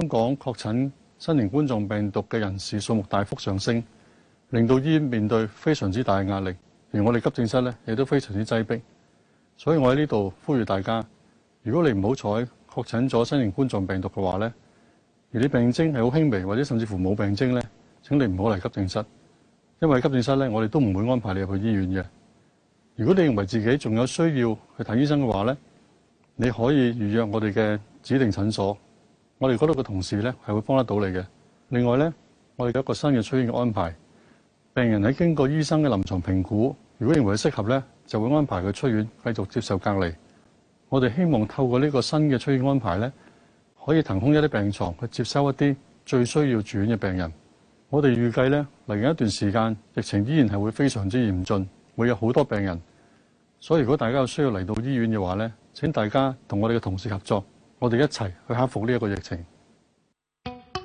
香港確診新型冠狀病毒嘅人士數目大幅上升，令到醫院面對非常之大嘅壓力，而我哋急症室咧亦都非常之擠迫。所以我喺呢度呼籲大家，如果你唔好彩確診咗新型冠狀病毒嘅話咧，而啲病徵係好輕微，或者甚至乎冇病徵咧，請你唔好嚟急症室，因為急症室咧我哋都唔會安排你入去醫院嘅。如果你認為自己仲有需要去睇醫生嘅話咧，你可以預約我哋嘅指定診所。我哋嗰度嘅同事咧，係會幫得到你嘅。另外咧，我哋有一個新嘅出院嘅安排。病人喺經過醫生嘅臨床評估，如果認為適合咧，就會安排佢出院，繼續接受隔離。我哋希望透過呢個新嘅出院安排咧，可以騰空一啲病床去接收一啲最需要住院嘅病人。我哋預計咧，嚟緊一段時間，疫情依然係會非常之嚴峻，會有好多病人。所以如果大家有需要嚟到醫院嘅話咧，請大家同我哋嘅同事合作。我哋一齊去克服呢一個疫情。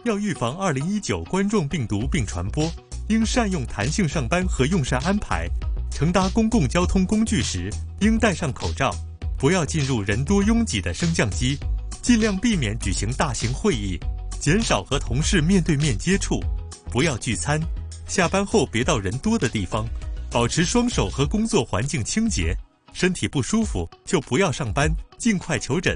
要預防二零一九冠狀病毒病傳播，應善用彈性上班和用膳安排。乘搭公共交通工具時，應戴上口罩。不要進入人多擁擠的升降機。盡量避免舉行大型會議，減少和同事面對面接觸。不要聚餐。下班後別到人多的地方。保持雙手和工作環境清潔。身體不舒服就不要上班，盡快求診。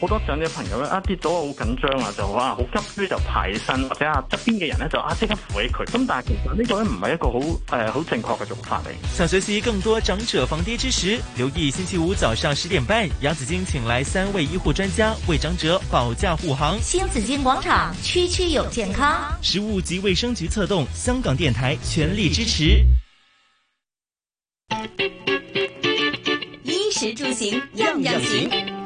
好多長者朋友咧，啊跌咗好緊張啊，就啊好急於就排身或者啊，側邊嘅人咧，就啊即刻扶起佢，咁，但係其實呢個咧，唔係一個好誒好正確嘅做法嚟。想學習更多長者防跌知識，留意星期五早上十點半，新紫荊請來三位醫護專家為長者保駕護航。新紫荊廣場區區有健康，食物及衛生局策動，香港電台全力支持。衣食住行樣樣行。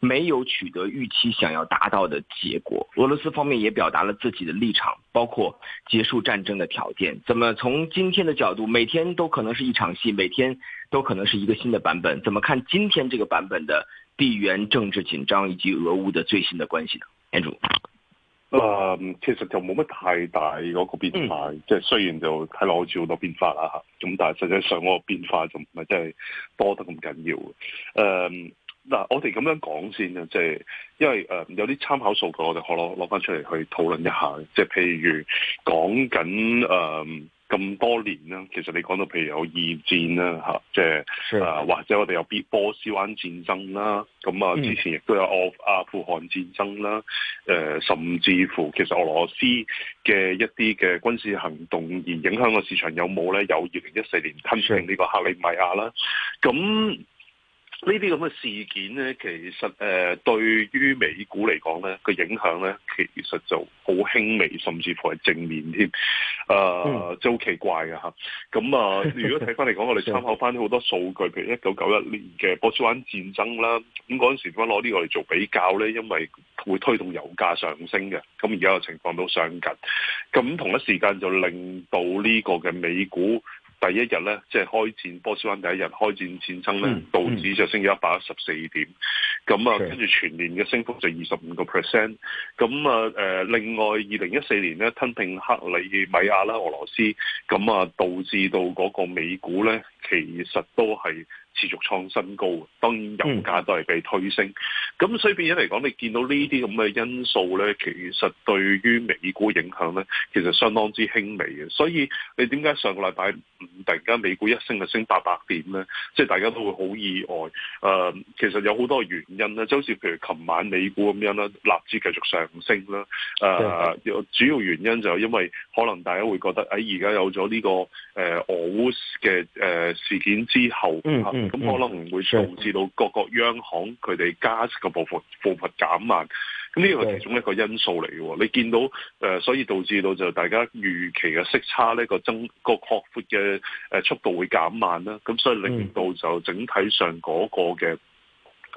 沒有取得預期想要達到的結果。俄羅斯方面也表達了自己的立場，包括結束戰爭的條件。怎麼從今天的角度，每天都可能是一場戲，每天都可能是一個新的版本？怎麼看今天這個版本的地緣政治緊張以及俄烏的最新的關係呢？主，呃，其實就冇乜太大嗰個變化，嗯、即係雖然就睇落好似好多變化啦，咁但係實際上嗰個變化就唔係真係多得咁緊要誒。嗯嗱，我哋咁樣講先啊，即係因為誒有啲參考數據，我哋可攞攞翻出嚟去討論一下。即係譬如講緊誒咁多年啦，其實你講到譬如有二戰啦嚇，即係啊或者我哋有 B 波斯灣戰爭啦，咁啊之前亦都有阿富汗戰爭啦，誒甚至乎其實俄羅斯嘅一啲嘅軍事行動而影響個市場有冇咧？有二零一四年吞併呢個克里米亞啦，咁啊。啊嗯呢啲咁嘅事件咧，其實誒對於美股嚟講咧，個影響咧其實就好輕微，甚至乎係正面添，誒即係好奇怪㗎！咁啊，如果睇翻嚟講，我哋參考翻好多數據，譬 如一九九一年嘅波斯灣戰爭啦，咁嗰陣時翻攞呢個嚟做比較咧，因為會推動油價上升嘅。咁而家嘅情況都上緊，咁同一時間就令到呢個嘅美股。第一日咧，即係開戰波斯灣第一日開戰戰爭咧，嗯嗯、導致就升咗一百一十四點，咁啊，跟住的全年嘅升幅就二十五個 percent，咁啊，誒、呃、另外二零一四年咧，吞併克里米亞啦，俄羅斯，咁啊，導致到嗰個美股咧，其實都係。持續創新高，當然油價都係被推升。咁所以變咗嚟講，你見到呢啲咁嘅因素咧，其實對於美股影響咧，其實相當之輕微嘅。所以你點解上個禮拜五突然間美股一升就升八百點咧？即係大家都會好意外。誒、呃，其實有好多原因咧，就好似譬如琴晚美股咁樣啦，納指繼續上升啦。誒、呃，嗯、主要原因就係因為可能大家會覺得喺而家有咗呢、這個誒、呃、俄烏嘅誒事件之後。嗯嗯咁，嗯，可能唔會導致到各個央行佢哋加息嘅步伐步伐減慢，咁呢個係其中一個因素嚟嘅。你見到誒，所以導致到就大家預期嘅息差呢個增個擴闊嘅誒速度會減慢啦。咁所以令到就整體上嗰個嘅。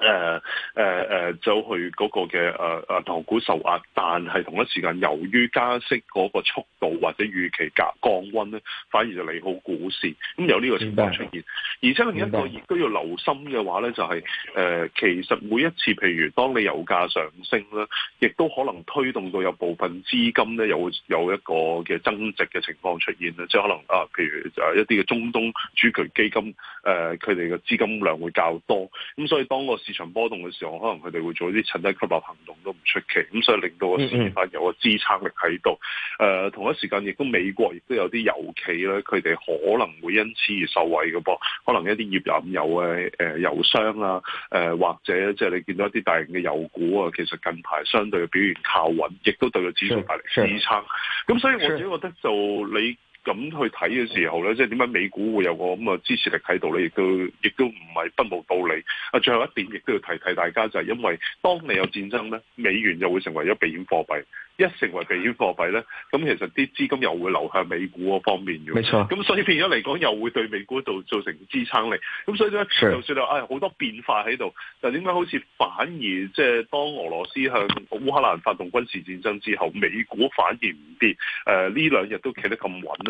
誒誒誒，就、呃呃呃、去嗰個嘅誒誒，港、啊、股受壓，但係同一時間，由於加息嗰個速度或者預期降降温咧，反而就利好股市，咁有呢個情況出現。白而且另一個亦都要留心嘅話咧、就係，就係誒，其實每一次譬如，當你油價上升咧，亦都可能推動到有部分資金咧，有有一個嘅增值嘅情況出現啦，即係可能啊，譬如誒一啲嘅中東主權基金，誒佢哋嘅資金量會較多，咁所以當個市市場波動嘅時候，可能佢哋會做啲趁低吸納行動都唔出奇，咁所以令到個市況有個支撐力喺度。誒、呃，同一時間亦都美國亦都有啲油企咧，佢哋可能會因此而受惠嘅噃，可能一啲業有油、呃、油啊、誒油商啊、誒或者即係、就是、你見到一啲大型嘅油股啊，其實近排相對嘅表現靠穩，亦都對個指數帶嚟支撐。咁的所以我自己覺得就的你。咁去睇嘅時候咧，即係點解美股會有個咁嘅支持力喺度咧？亦都亦都唔係不無道理。啊，最後一點亦都要提提大家，就係因為當你有戰爭咧，美元就會成為咗避險貨幣。一成為避險貨幣咧，咁其實啲資金又會流向美股嗰方面嘅。冇錯。咁所以變咗嚟講，又會對美股度造成支撐力。咁所以咧，就算啊，好多變化喺度，但點解好似反而即係當俄羅斯向烏克蘭發動軍事戰爭之後，美股反而唔跌？誒，呢兩日都企得咁穩。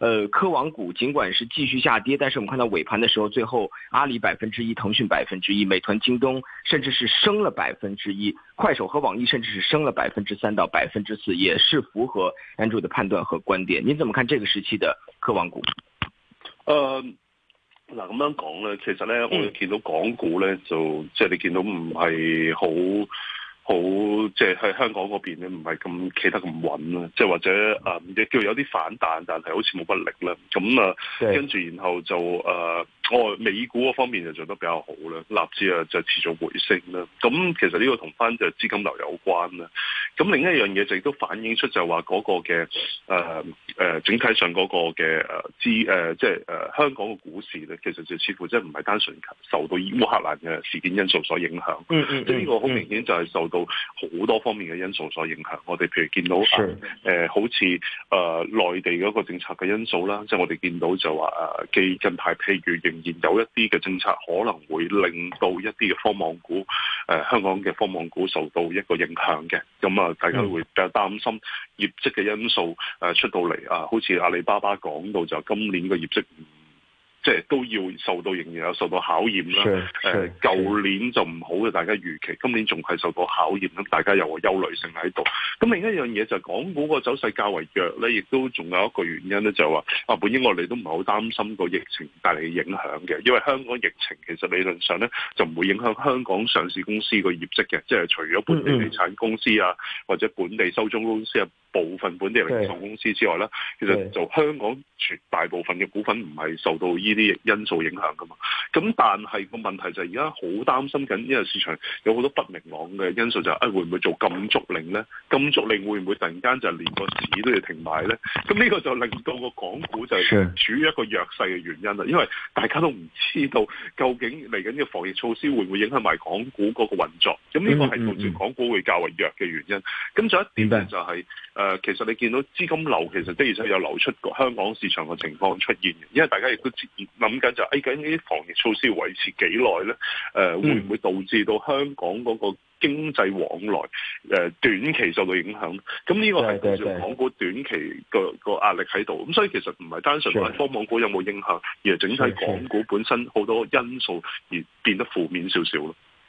呃，科網股儘管是繼續下跌，但是我們看到尾盤的時候，最後阿里百分之一，騰訊百分之一，美團、京東甚至是升了百分之一，快手和網易甚至是升了百分之三到百分之四，也是符合 Andrew 的判斷和觀點。您怎麼看這個時期的科網股呃？呃，嗱，咁樣講呢，其實呢，我哋見到港股呢，嗯、就即係你見到唔係好。好，即係喺香港嗰邊咧，唔係咁企得咁穩啦，即係或者誒亦、呃、叫有啲反彈，但係好似冇乜力啦，咁啊，的跟住然後就誒。呃我、哦、美股嗰方面就做得比較好啦，納指啊就持續回升啦。咁其實呢個同返就資金流有關啦。咁另一樣嘢就亦都反映出就話嗰個嘅誒誒整體上嗰個嘅誒資誒即係誒香港嘅股市咧，其實就似乎即係唔係單純受到烏克蘭嘅事件因素所影響，即係呢個好明顯就係受到好多方面嘅因素所影響。我哋譬如見到誒的、呃、好似誒、呃、內地嗰個政策嘅因素啦，即、就、係、是、我哋見到就話誒基近排譬如而有一啲嘅政策可能會令到一啲嘅科網股，誒、呃、香港嘅科網股受到一個影響嘅，咁啊大家會比較擔心業績嘅因素誒、呃、出到嚟啊，好似阿里巴巴講到就今年嘅業績。即係都要受到仍然有受到考驗啦。Sure, sure,、呃、舊年就唔好嘅，大家預期，今年仲係受到考驗。大家有個憂慮性喺度。咁另一樣嘢就係港股個走勢較為弱咧，亦都仲有一個原因咧，就係話，啊，本應我哋都唔係好擔心個疫情帶嚟嘅影響嘅，因為香港疫情其實理論上咧就唔會影響香港上市公司個業績嘅，即係除咗本地地產公司啊，或者本地收租公司啊。部分本地零售公司之外咧，其實就香港絕大部分嘅股份唔係受到呢啲因素影響噶嘛。咁但係個問題就係而家好擔心緊呢個市場有好多不明朗嘅因素，就係會唔會做禁足令咧？禁足令會唔會突然間就連個市都要停埋咧？咁呢個就令到個港股就係處於一個弱勢嘅原因啦。因為大家都唔知道究竟嚟緊呢個防疫措施會唔會影響埋港股嗰個運作，咁呢個係導致港股會較為弱嘅原因。咁仲有一點咧、就係，就係。誒，其實你見到資金流其實的而且確有流出過香港市場嘅情況出現嘅，因為大家亦都諗緊就誒緊呢啲防疫措施維持幾耐咧？誒、呃，會唔會導致到香港嗰個經濟往來誒、呃、短期受到影響？咁呢個係其實港股短期個個對壓力喺度，咁、嗯、所以其實唔係單純話科網股有冇影響，而係整體港股本身好多因素而變得負面少少咯。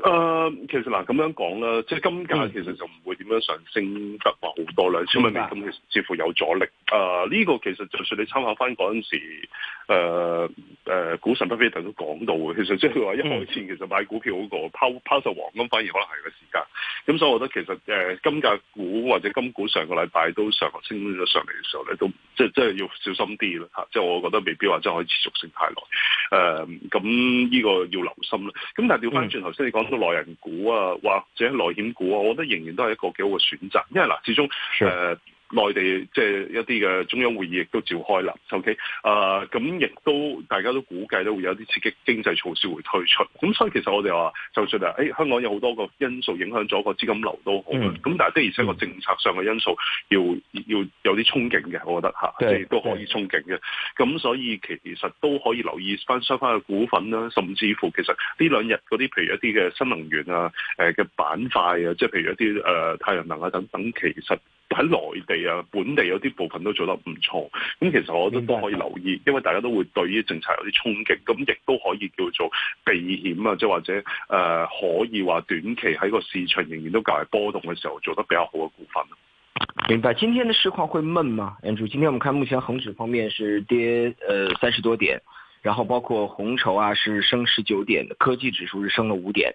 誒、呃，其實嗱咁樣講啦，即係金價其實就唔會點樣上升得話好多兩千蚊美金，其實似乎有阻力。誒、呃，呢、這個其實就算你參考返嗰陣時，誒、呃、誒、呃，股神巴菲特都講到嘅，其實即係佢話一開錢，其實買股票好過拋拋售黃金，反而可能係個時間。咁所以，我覺得其實誒、呃、金價股或者金股上個禮拜都上升咗上嚟嘅時候咧，都即係要小心啲咯、啊、即係我覺得未必話真係可以持續升太耐。誒、啊，咁呢個要留心啦。咁但係調翻轉頭先你講。好多內銀股啊，或者內險股啊，我覺得仍然都係一個幾好嘅選擇，因為嗱，始終誒。內地即係、就是、一啲嘅中央會議亦都召開啦，OK？啊、呃，咁亦都大家都估計都會有啲刺激經濟措施會推出。咁所以其實我哋話就算係，誒、哎、香港有好多個因素影響咗個資金流都好嘅。咁、嗯、但係的而且個政策上嘅因素要要有啲憧憬嘅，我覺得嚇，即係對都可以憧憬嘅。咁所以其實都可以留意翻相關嘅股份啦，甚至乎其實呢兩日嗰啲譬如一啲嘅新能源啊、嘅、呃、板塊啊，即係譬如一啲、呃、太陽能啊等等，其實。喺內地啊，本地有啲部分都做得唔錯，咁其實我都都可以留意，明白，因為大家都會對呢政策有啲衝擊，咁亦都可以叫做避險啊，即係或者、呃、可以話短期喺個市場仍然都較為波動嘅時候，做得比較好嘅股份。明白，今天的市況會悶嗎？Andrew，今天我們看目前恒指方面是跌誒三十多點，然後包括紅籌啊是升十九點，科技指數是升了五點。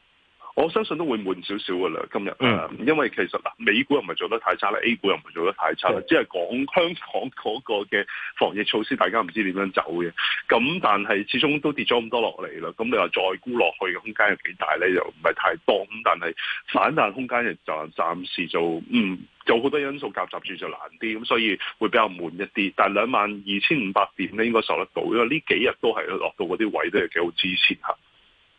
我相信都會悶少少噶啦，今日，因為其實嗱，美股又唔係做得太差咧，A 股又唔係做得太差咧，只係講香港嗰個嘅防疫措施，大家唔知點樣走嘅。咁但係始終都跌咗咁多落嚟啦，咁你話再沽落去嘅空間有幾大咧？又唔係太多咁，但係反彈空間又就暫時就唔有好多因素夾雜住就難啲，咁所以會比較悶一啲。但係兩萬二千五百點咧應該受得到，因為呢幾日都係落到嗰啲位都係幾好支持嚇。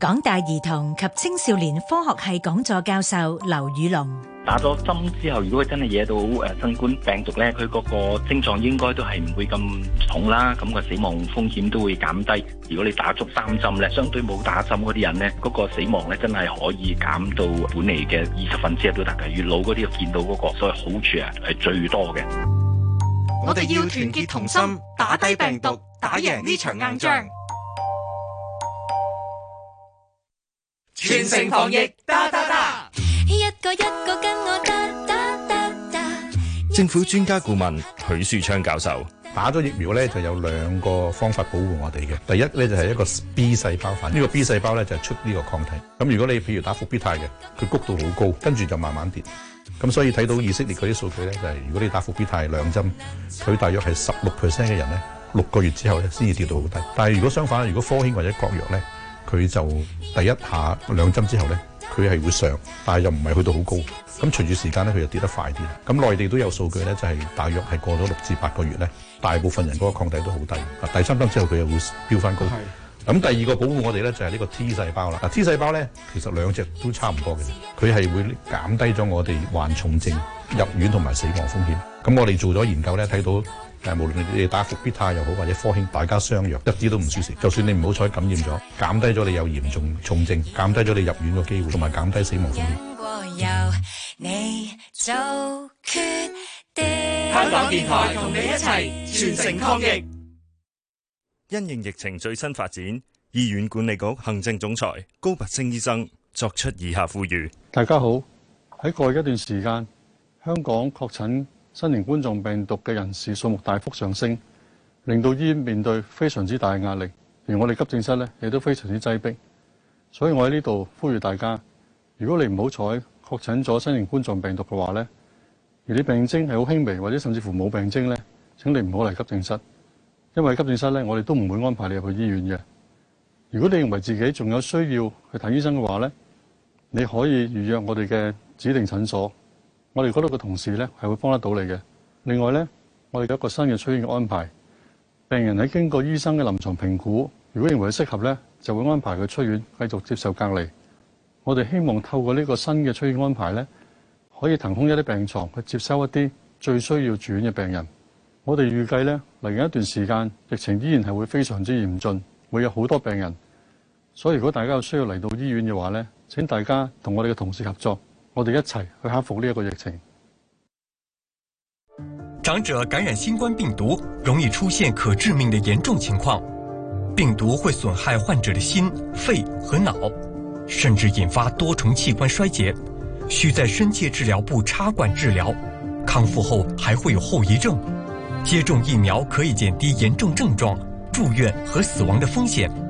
港大兒童及青少年科學系講座教授劉宇龍，打咗針之後，如果佢真係惹到誒新冠病毒咧，佢嗰個症狀應該都係唔會咁重啦，咁個死亡風險都會減低。如果你打足三針咧，相對冇打針嗰啲人咧，嗰個死亡咧真係可以減到本嚟嘅二十分之一都得嘅。越老嗰啲見到嗰個所謂好處啊，係最多嘅。我哋要團結同心，打低病毒，打贏呢場硬仗。全城防疫，噠噠噠！一個一個跟我噠噠噠噠。政府專家顧問許樹昌教授，打咗疫苗咧就有兩個方法保護我哋嘅。第一咧就係一個 B 細胞反應，呢個 B 細胞咧就係出呢個抗體。咁如果你譬如打復必泰嘅，佢谷度好高，跟住就慢慢跌。咁所以睇到以色列嗰啲數據咧，就係如果你打復必泰兩針，佢大約係十六 percent 嘅人咧，六個月之後咧先至跌到好低。但係如果相反，如果科興或者國藥咧，佢就第一下兩針之後咧，佢係會上，但係又唔係去到好高。咁隨住時間咧，佢又跌得快啲。咁內地都有數據咧，就係大約係過咗六至八個月咧，大部分人嗰個抗體都好低。啊，第三針之後佢又會飆返高。咁第二個保護我哋咧就係呢個 T 細胞啦。T 細胞咧其實兩隻都差唔多嘅啫，佢係會減低咗我哋患重症入院同埋死亡風險。咁我哋做咗研究咧，睇到。但係無論你哋打復必泰又好，或者科興，大家相若一啲都唔舒適。就算你唔好彩感染咗，減低咗你有嚴重重症，減低咗你入院嘅機會，同埋減低死亡風險。香港電台同你一齊全城抗疫。因應疫情最新發展，醫院管理局行政總裁高拔昇醫生作出以下呼籲：大家好，喺過去一段時間，香港確診新型冠狀病毒嘅人士數目大幅上升，令到醫院面對非常之大嘅壓力，而我哋急症室咧亦都非常之擠迫。所以我喺呢度呼籲大家，如果你唔好彩確診咗新型冠狀病毒嘅話咧，而你病徵係好輕微或者甚至乎冇病徵咧，請你唔好嚟急症室，因為急症室咧我哋都唔會安排你入去醫院嘅。如果你認為自己仲有需要去睇醫生嘅話咧，你可以預約我哋嘅指定診所。我哋嗰度嘅同事呢，係會幫得到你嘅。另外呢，我哋有一個新嘅出院嘅安排。病人喺經過醫生嘅臨床評估，如果認為適合呢，就會安排佢出院，繼續接受隔離。我哋希望透過呢個新嘅出院安排呢，可以騰空一啲病床去接收一啲最需要住院嘅病人。我哋預計呢，嚟緊一段時間，疫情依然係會非常之嚴峻，會有好多病人。所以如果大家有需要嚟到醫院嘅話呢，請大家同我哋嘅同事合作。我哋一齊去克服呢一個疫情。長者感染新冠病毒，容易出現可致命的嚴重情況，病毒會損害患者的心、肺和腦，甚至引發多重器官衰竭，需在深切治療部插管治療。康復後還會有後遺症。接種疫苗可以減低嚴重症狀、住院和死亡的風險。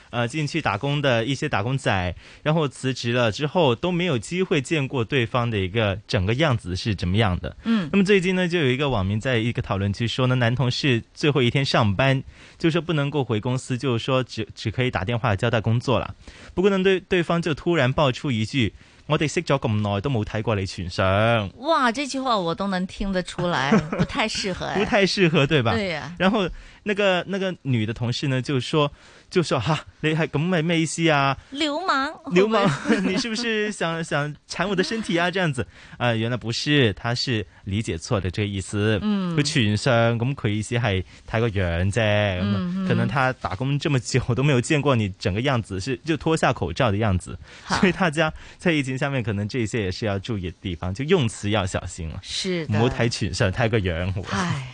呃，進去打工的一些打工仔，然後辭職了之後都沒有機會見過對方的一個整個樣子是怎麼樣的。嗯，那麼最近呢，就有一個網民在一個討論區說呢，男同事最後一天上班，就是，說不能夠回公司，就是說只只可以打電話交代工作了。不過呢，對對方就突然爆出一句：“我哋識咗咁耐都冇睇過你全相。”哇，這句話我都能聽得出來， 不太適合，哎，不太適合，對吧？對呀。然後。那個那個女的同事呢，就說就說哈，啊，你還敢買買一些啊？流氓流氓，流氓 你是不是想想纏我的身體啊？這樣子啊，呃？原來不是，他是理解錯的這個意思。嗯，不全身咁佢意思係太過樣啫。嗯哼可能他打工這麼久都沒有見過你整個樣子，是就脱下口罩的樣子。好所以大家在疫情下面，可能這些也是要注意的地方，就用詞要小心了，啊。是的。唔好睇全身，睇個樣。唉。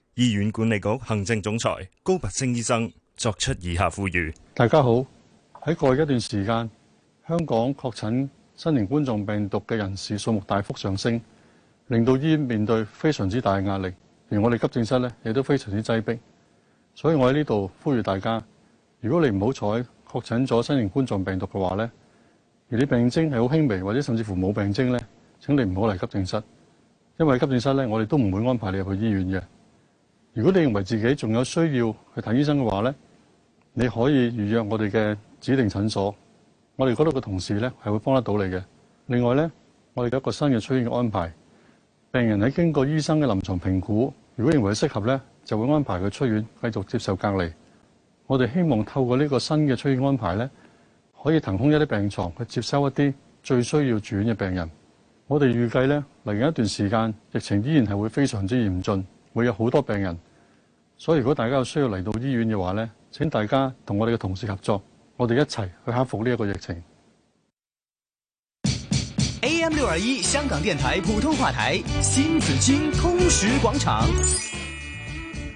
醫院管理局行政總裁高拔陞醫生作出以下呼籲：大家好，喺過去一段時間，香港確診新型冠狀病毒嘅人士數目大幅上升，令到醫院面對非常之大嘅壓力。而我哋急症室咧，亦都非常之擠迫。所以我喺呢度呼籲大家：如果你唔好彩確診咗新型冠狀病毒嘅話咧，而你病徵係好輕微或者甚至乎冇病徵咧，請你唔好嚟急症室，因為急症室咧，我哋都唔會安排你入去醫院嘅。如果你認為自己仲有需要去睇醫生嘅話咧，你可以預約我哋嘅指定診所，我哋嗰度嘅同事咧係會幫得到你嘅。另外咧，我哋有一個新嘅出院嘅安排，病人喺經過醫生嘅臨床評估，如果認為適合咧，就會安排佢出院繼續接受隔離。我哋希望透過呢個新嘅出院安排咧，可以騰空一啲病床，去接收一啲最需要住院嘅病人。我哋預計咧，嚟緊一段時間，疫情依然係會非常之嚴峻。會有好多病人，所以如果大家有需要嚟到醫院嘅話呢，請大家同我哋嘅同事合作，我哋一齊去克服呢一個疫情。AM 六二一香港電台普通話台新紫荊通識廣場。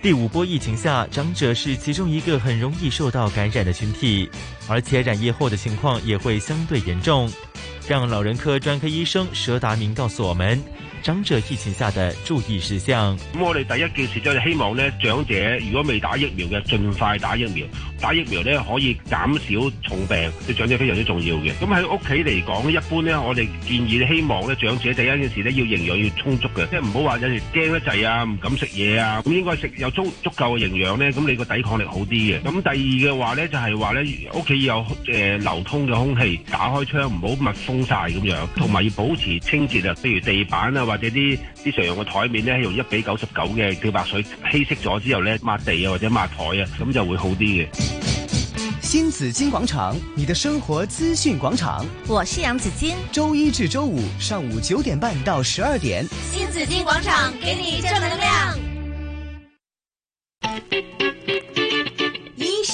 第五波疫情下，長者是其中一個很容易受到感染的群體，而且染疫後的情況也會相對嚴重。讓老人科專科醫生佘達明告訴我們。長者疫情下的注意事項。咁我哋第一件事就係希望咧，長者如果未打疫苗嘅，盡快打疫苗。打疫苗咧可以減少重病，對長者非常之重要嘅。咁喺屋企嚟講，一般咧我哋建議希望咧長者第一件事咧要營養要充足嘅，即係唔好話有時驚得滯啊，唔敢食嘢啊。咁應該食有足足夠嘅營養咧，咁你個抵抗力好啲嘅。咁第二嘅話咧就係話咧屋企有誒、呃、流通嘅空氣，打開窗唔好密封晒咁樣，同埋要保持清潔啊，譬如地板啊或者啲啲常用嘅台面咧，用一比九十九嘅漂白水稀釋咗之後咧，抹地啊或者抹台啊，咁就會好啲嘅。新紫荊廣場，你的生活資訊廣場，我是楊子矜，周一至周五上午九點半到十二點，新紫荊廣場給你正能量。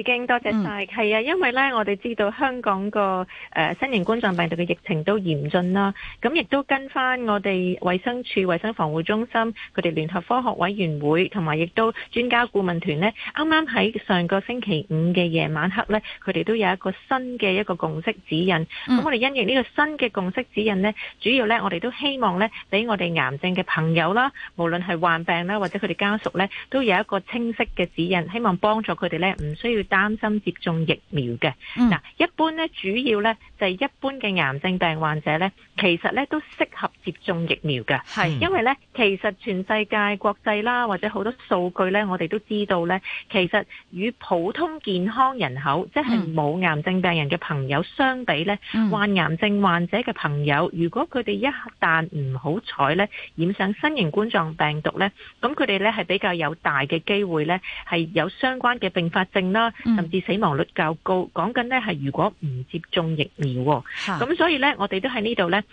已經多謝晒，係啊，因為咧，我哋知道香港個誒新型冠狀病毒嘅疫情都嚴峻啦，咁亦都跟翻我哋衞生署衞生防護中心佢哋聯合科學委員會同埋亦都專家顧問團咧，啱啱喺上個星期五嘅夜晚黑咧，佢哋都有一個新嘅一個共識指引。咁我哋因應呢個新嘅共識指引咧，主要咧我哋都希望咧，俾我哋癌症嘅朋友啦，無論係患病啦或者佢哋家屬咧，都有一個清晰嘅指引，希望幫助佢哋咧，唔需要擔心接種疫苗嘅，嗱、嗯，一般咧，主要咧。係一般嘅癌症病患者咧，其實咧都適合接種疫苗嘅，係、嗯、因為咧其實全世界國際啦，或者好多數據咧，我哋都知道咧，其實與普通健康人口，嗯、即係冇癌症病人嘅朋友相比咧，嗯、患癌症患者嘅朋友，如果佢哋一旦唔好彩咧染上新型冠狀病毒咧，咁佢哋咧係比較有大嘅機會咧，係有相關嘅併發症啦，嗯、甚至死亡率較高。講緊咧係如果唔接種疫苗。咁、嗯、所以咧，我哋都喺呢度咧，誒、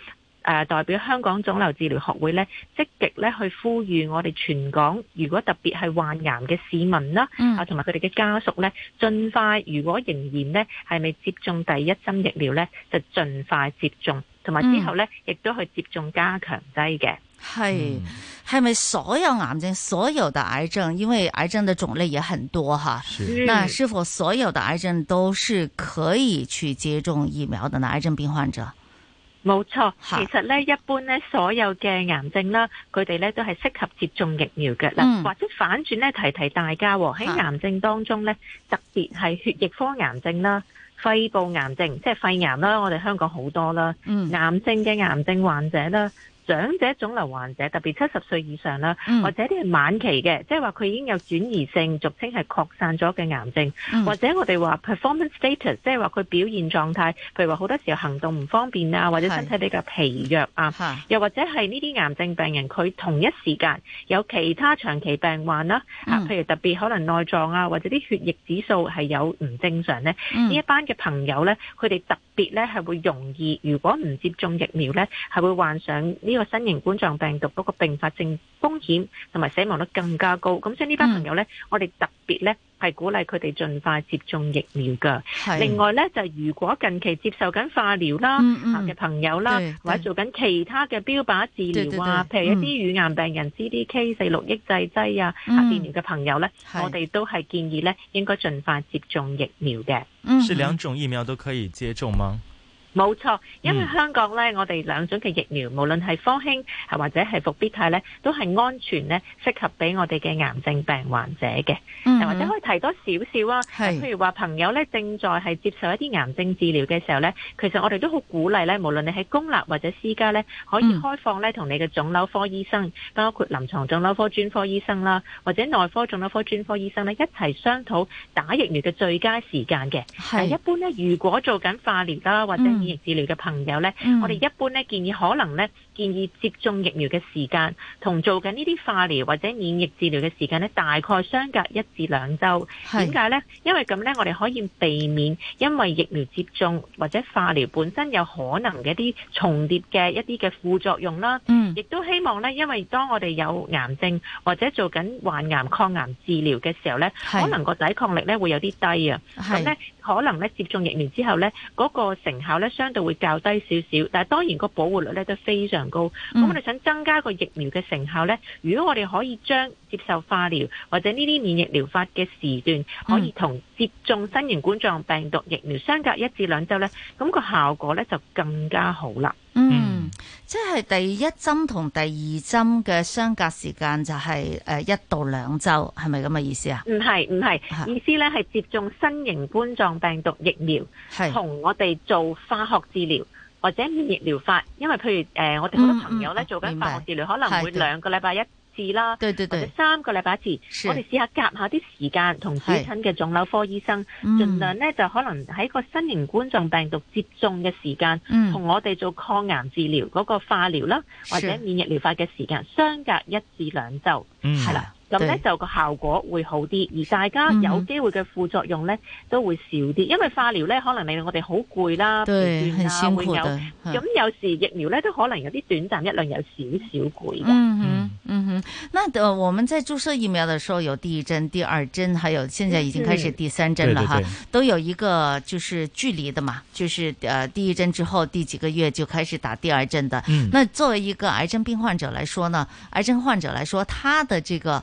呃、代表香港腫瘤治療學會咧，積極咧去呼籲我哋全港，如果特別係患癌嘅市民啦，啊、嗯，同埋佢哋嘅家屬咧，盡快如果仍然咧係未接種第一針疫苗咧，就盡快接種，同埋之後咧亦、嗯、都去接種加強劑嘅。係，係咪是、嗯、所有癌症、所有的癌症？因為癌症的種類也很多哈。是。那是否所有的癌症都是可以去接種疫苗的呢？癌症病患者？冇錯，是其實咧，一般咧，所有嘅癌症啦，佢哋咧都係適合接種疫苗嘅。嗯。或者反轉咧，提提大家喺癌症當中咧，是特別係血液科癌症啦、肺部癌症，即係肺癌啦，我哋香港好多啦。嗯。癌症嘅癌症患者啦。長者腫瘤患者，特別七十歲以上啦，嗯、或者啲係晚期嘅，即係話佢已經有轉移性，俗稱係擴散咗嘅癌症，嗯、或者我哋話 performance status，即係話佢表現狀態，譬如話好多時候行動唔方便啊，或者身體比較疲弱是啊，又或者係呢啲癌症病人，佢同一時間有其他長期病患啦，嗯、啊，譬如特別可能內臟啊，或者啲血液指數係有唔正常、嗯、呢。呢一班嘅朋友咧，佢哋特別咧係會容易，如果唔接種疫苗咧，係會患上呢個。新型冠狀病毒嗰個併發症風險同埋死亡率更加高，咁所以呢班朋友呢，嗯、我哋特別呢係鼓勵佢哋盡快接種疫苗噶。是另外呢，就如果近期接受緊化療啦嘅、嗯嗯啊、朋友啦，或者做緊其他嘅標靶治療啊，譬如一啲乳癌病人、CDK 四六抑制劑啊，下邊面嘅朋友呢，是我哋都係建議呢應該盡快接種疫苗嘅。是兩種疫苗都可以接種嗎？冇錯，因為香港咧，嗯、我哋兩種嘅疫苗，無論係科興或者係復必泰咧，都係安全咧，適合俾我哋嘅癌症病患者嘅。嗯、或者可以提多少少啊？是譬如話朋友咧正在係接受一啲癌症治療嘅時候咧，其實我哋都好鼓勵咧，無論你係公立或者私家咧，可以開放咧同、嗯、你嘅腫瘤科醫生，包括臨床腫瘤科專科醫生啦，或者內科腫瘤科專科醫生咧一齊商討打疫苗嘅最佳時間嘅。係是、啊，一般咧如果做緊化療啦、啊、或者、嗯。免疫治療嘅朋友呢，嗯、我哋一般呢建議，可能呢建議接種疫苗嘅時間同做緊呢啲化療或者免疫治療嘅時間呢，大概相隔一至兩週。點解是呢？因為咁呢，我哋可以避免因為疫苗接種或者化療本身有可能嘅一啲重疊嘅一啲嘅副作用啦。亦、嗯、都希望呢，因為當我哋有癌症或者做緊患癌抗癌治療嘅時候呢，是可能個抵抗力呢會有啲低啊。咁是呢。可能咧接種疫苗之後咧，嗰個成效咧相對會較低少少，但係當然個保護率咧都非常高。咁、嗯、我哋想增加個疫苗嘅成效咧，如果我哋可以將接受化療或者呢啲免疫療法嘅時段，可以同接種新型冠狀病毒疫苗相隔一至兩週咧，咁個效果咧就更加好啦。嗯。嗯。即係第一針同第二針嘅相隔時間就係誒一到兩週，係咪咁嘅意思啊？唔係唔係，意思咧係接種新型冠狀病毒疫苗，同我哋做化學治療或者免疫療法。因為譬如誒，我哋好多朋友咧做緊化學治療，可能會兩個禮拜一次啦，對對對，或者三個禮拜一次，是我哋試，試夾一下夾下啲時間同主診嘅腫瘤科醫生，儘是量咧、嗯、就可能喺個新型冠狀病毒接種嘅時間，同、嗯、我哋做抗癌治療嗰、那個化療啦，是或者免疫療法嘅時間相隔一至兩週，係啦是。的咁呢就個效果會好啲，而大家有機會嘅副作用呢都會少啲，嗯、因為化療呢可能令我哋好攰啦，對疲倦啊，很辛苦的會有。咁、嗯、有時疫苗呢都可能有啲短暫一兩日有少少攰嘅。嗯哼，嗯哼。那呃我們在注射疫苗的時候，有第一針、第二針，還有現在已經開始第三針了哈，嗯、都有一個就是距離的嘛，就是第一針之後第幾個月就開始打第二針的。嗯。那作為一個癌症病患者來說呢，癌症患者來說，他的這個。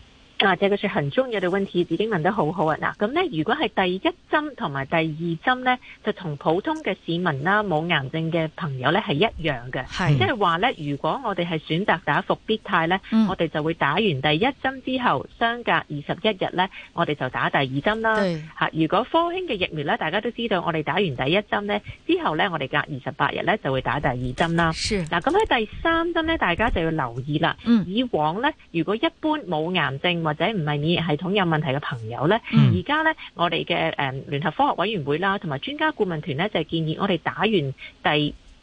嗱，即係、啊這個血痕中嘅對 a n 已經問得好好啊！嗱、啊，咁呢，如果係第一針同埋第二針呢，就同普通嘅市民啦，冇癌症嘅朋友呢係一樣嘅，是即係話呢，如果我哋係選擇打伏必泰呢，嗯、我哋就會打完第一針之後，相隔二十一日呢，我哋就打第二針啦。嚇對、啊，如果科興嘅疫苗呢，大家都知道，我哋打完第一針呢之後呢，我哋隔二十八日呢就會打第二針啦。嗱是，咁喺、啊、第三針呢，大家就要留意啦。嗯、以往呢，如果一般冇癌症，或者唔係免疫系統有問題嘅朋友咧，而家咧我哋嘅誒聯合科學委員會啦，同埋專家顧問團咧，就建議我哋打完第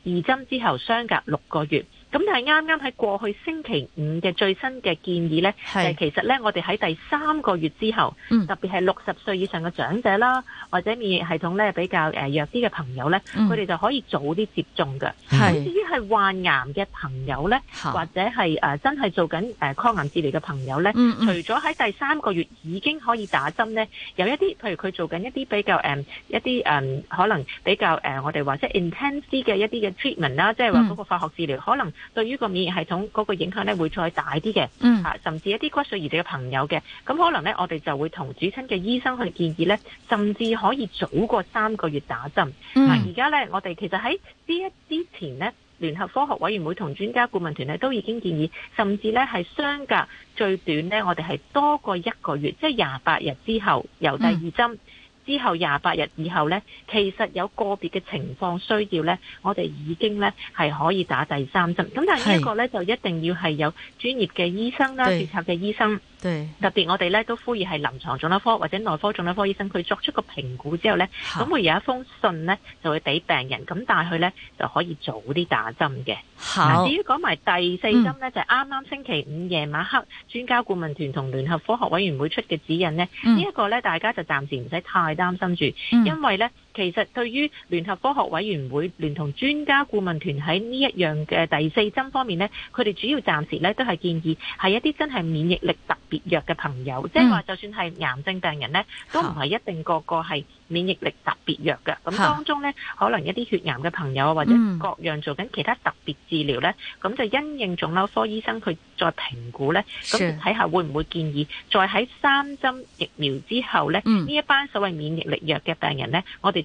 二針之後，相隔六個月。咁但係啱啱喺過去星期五嘅最新嘅建議咧，是其實咧我哋喺第三個月之後，嗯、特別係六十歲以上嘅長者啦，或者免疫系統咧比較、呃、弱啲嘅朋友咧，佢哋、嗯、就可以早啲接種嘅。咁是至於係患癌嘅朋友咧，是或者係、呃、真係做緊抗、呃、癌治療嘅朋友咧，嗯、除咗喺第三個月已經可以打針咧，有一啲譬如佢做緊一啲比較、呃、一啲、呃、可能比較、呃、我哋話即係 intensive 嘅一啲嘅 treatment 啦，即係話嗰個化學治療、嗯、可能。對於個免疫系統嗰個影響咧，會再大啲嘅，嚇、嗯，甚至一啲骨髓移植嘅朋友嘅，咁可能咧，我哋就會同主診嘅醫生去建議咧，甚至可以早過三個月打針。嗱、嗯，而家咧，我哋其實喺呢一之前咧，聯合科學委員會同專家顧問團咧，都已經建議，甚至咧係相隔最短咧，我哋係多過一個月，即係廿八日之後，由第二針。嗯之後廿八日以後呢，其實有個別嘅情況需要呢，我哋已經呢係可以打第三針。咁但係呢一個呢，就一定要係有專業嘅醫生啦，註冊嘅醫生。是對特別我哋咧都呼籲係臨床腫瘤科或者內科腫瘤科醫生，佢作出個評估之後咧，咁好會有一封信咧就會俾病人，咁但係佢咧就可以早啲打針嘅。好至於講埋第四針咧，嗯、就係啱啱星期五夜晚黑，專家顧問團同聯合科學委員會出嘅指引咧，嗯、呢一個咧大家就暫時唔使太擔心住，嗯、因為咧。其實對於聯合科學委員會聯同專家顧問團喺呢一樣嘅第四針方面呢，佢哋主要暫時呢都係建議係一啲真係免疫力特別弱嘅朋友，嗯、即係話就算係癌症病人呢，好都唔係一定個個係免疫力特別弱嘅。咁好當中呢，好可能一啲血癌嘅朋友啊，或者各樣做緊其他特別治療呢，咁、嗯嗯嗯、就因應腫瘤科醫生佢再評估呢，咁睇下會唔會建議再喺三針疫苗之後呢，呢一、嗯、班所謂免疫力弱嘅病人呢，我哋。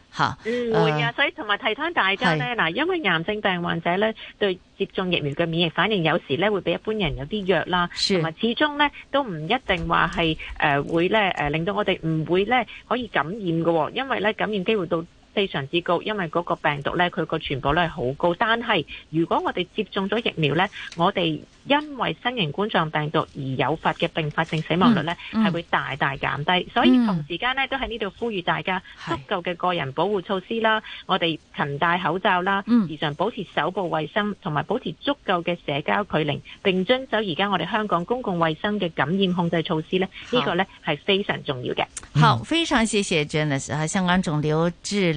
吓，唔 會啊！所以同埋提醒大家咧，嗱是，因為癌症病患者咧，對接種疫苗嘅免疫反應有時咧會比一般人有啲弱啦，同埋是始終咧都唔一定話係誒會咧誒令到我哋唔會咧可以感染噶、哦，因為咧感染機會到。非常之高，因為嗰個病毒咧，佢個傳播率係好高。但係如果我哋接種咗疫苗咧，我哋因為新型冠狀病毒而誘發嘅併發症死亡率咧，係、嗯、會大大減低。嗯、所以同時間咧，嗯、都喺呢度呼籲大家足夠嘅個人保護措施啦，是我哋勤戴口罩啦，時常、嗯、保持手部衛生，同埋保持足夠嘅社交距離，並遵守而家我哋香港公共衛生嘅感染控制措施咧，好這個呢個咧係非常重要嘅。好，嗯、非常謝謝 Janice 啊，ice, 相關腫瘤治。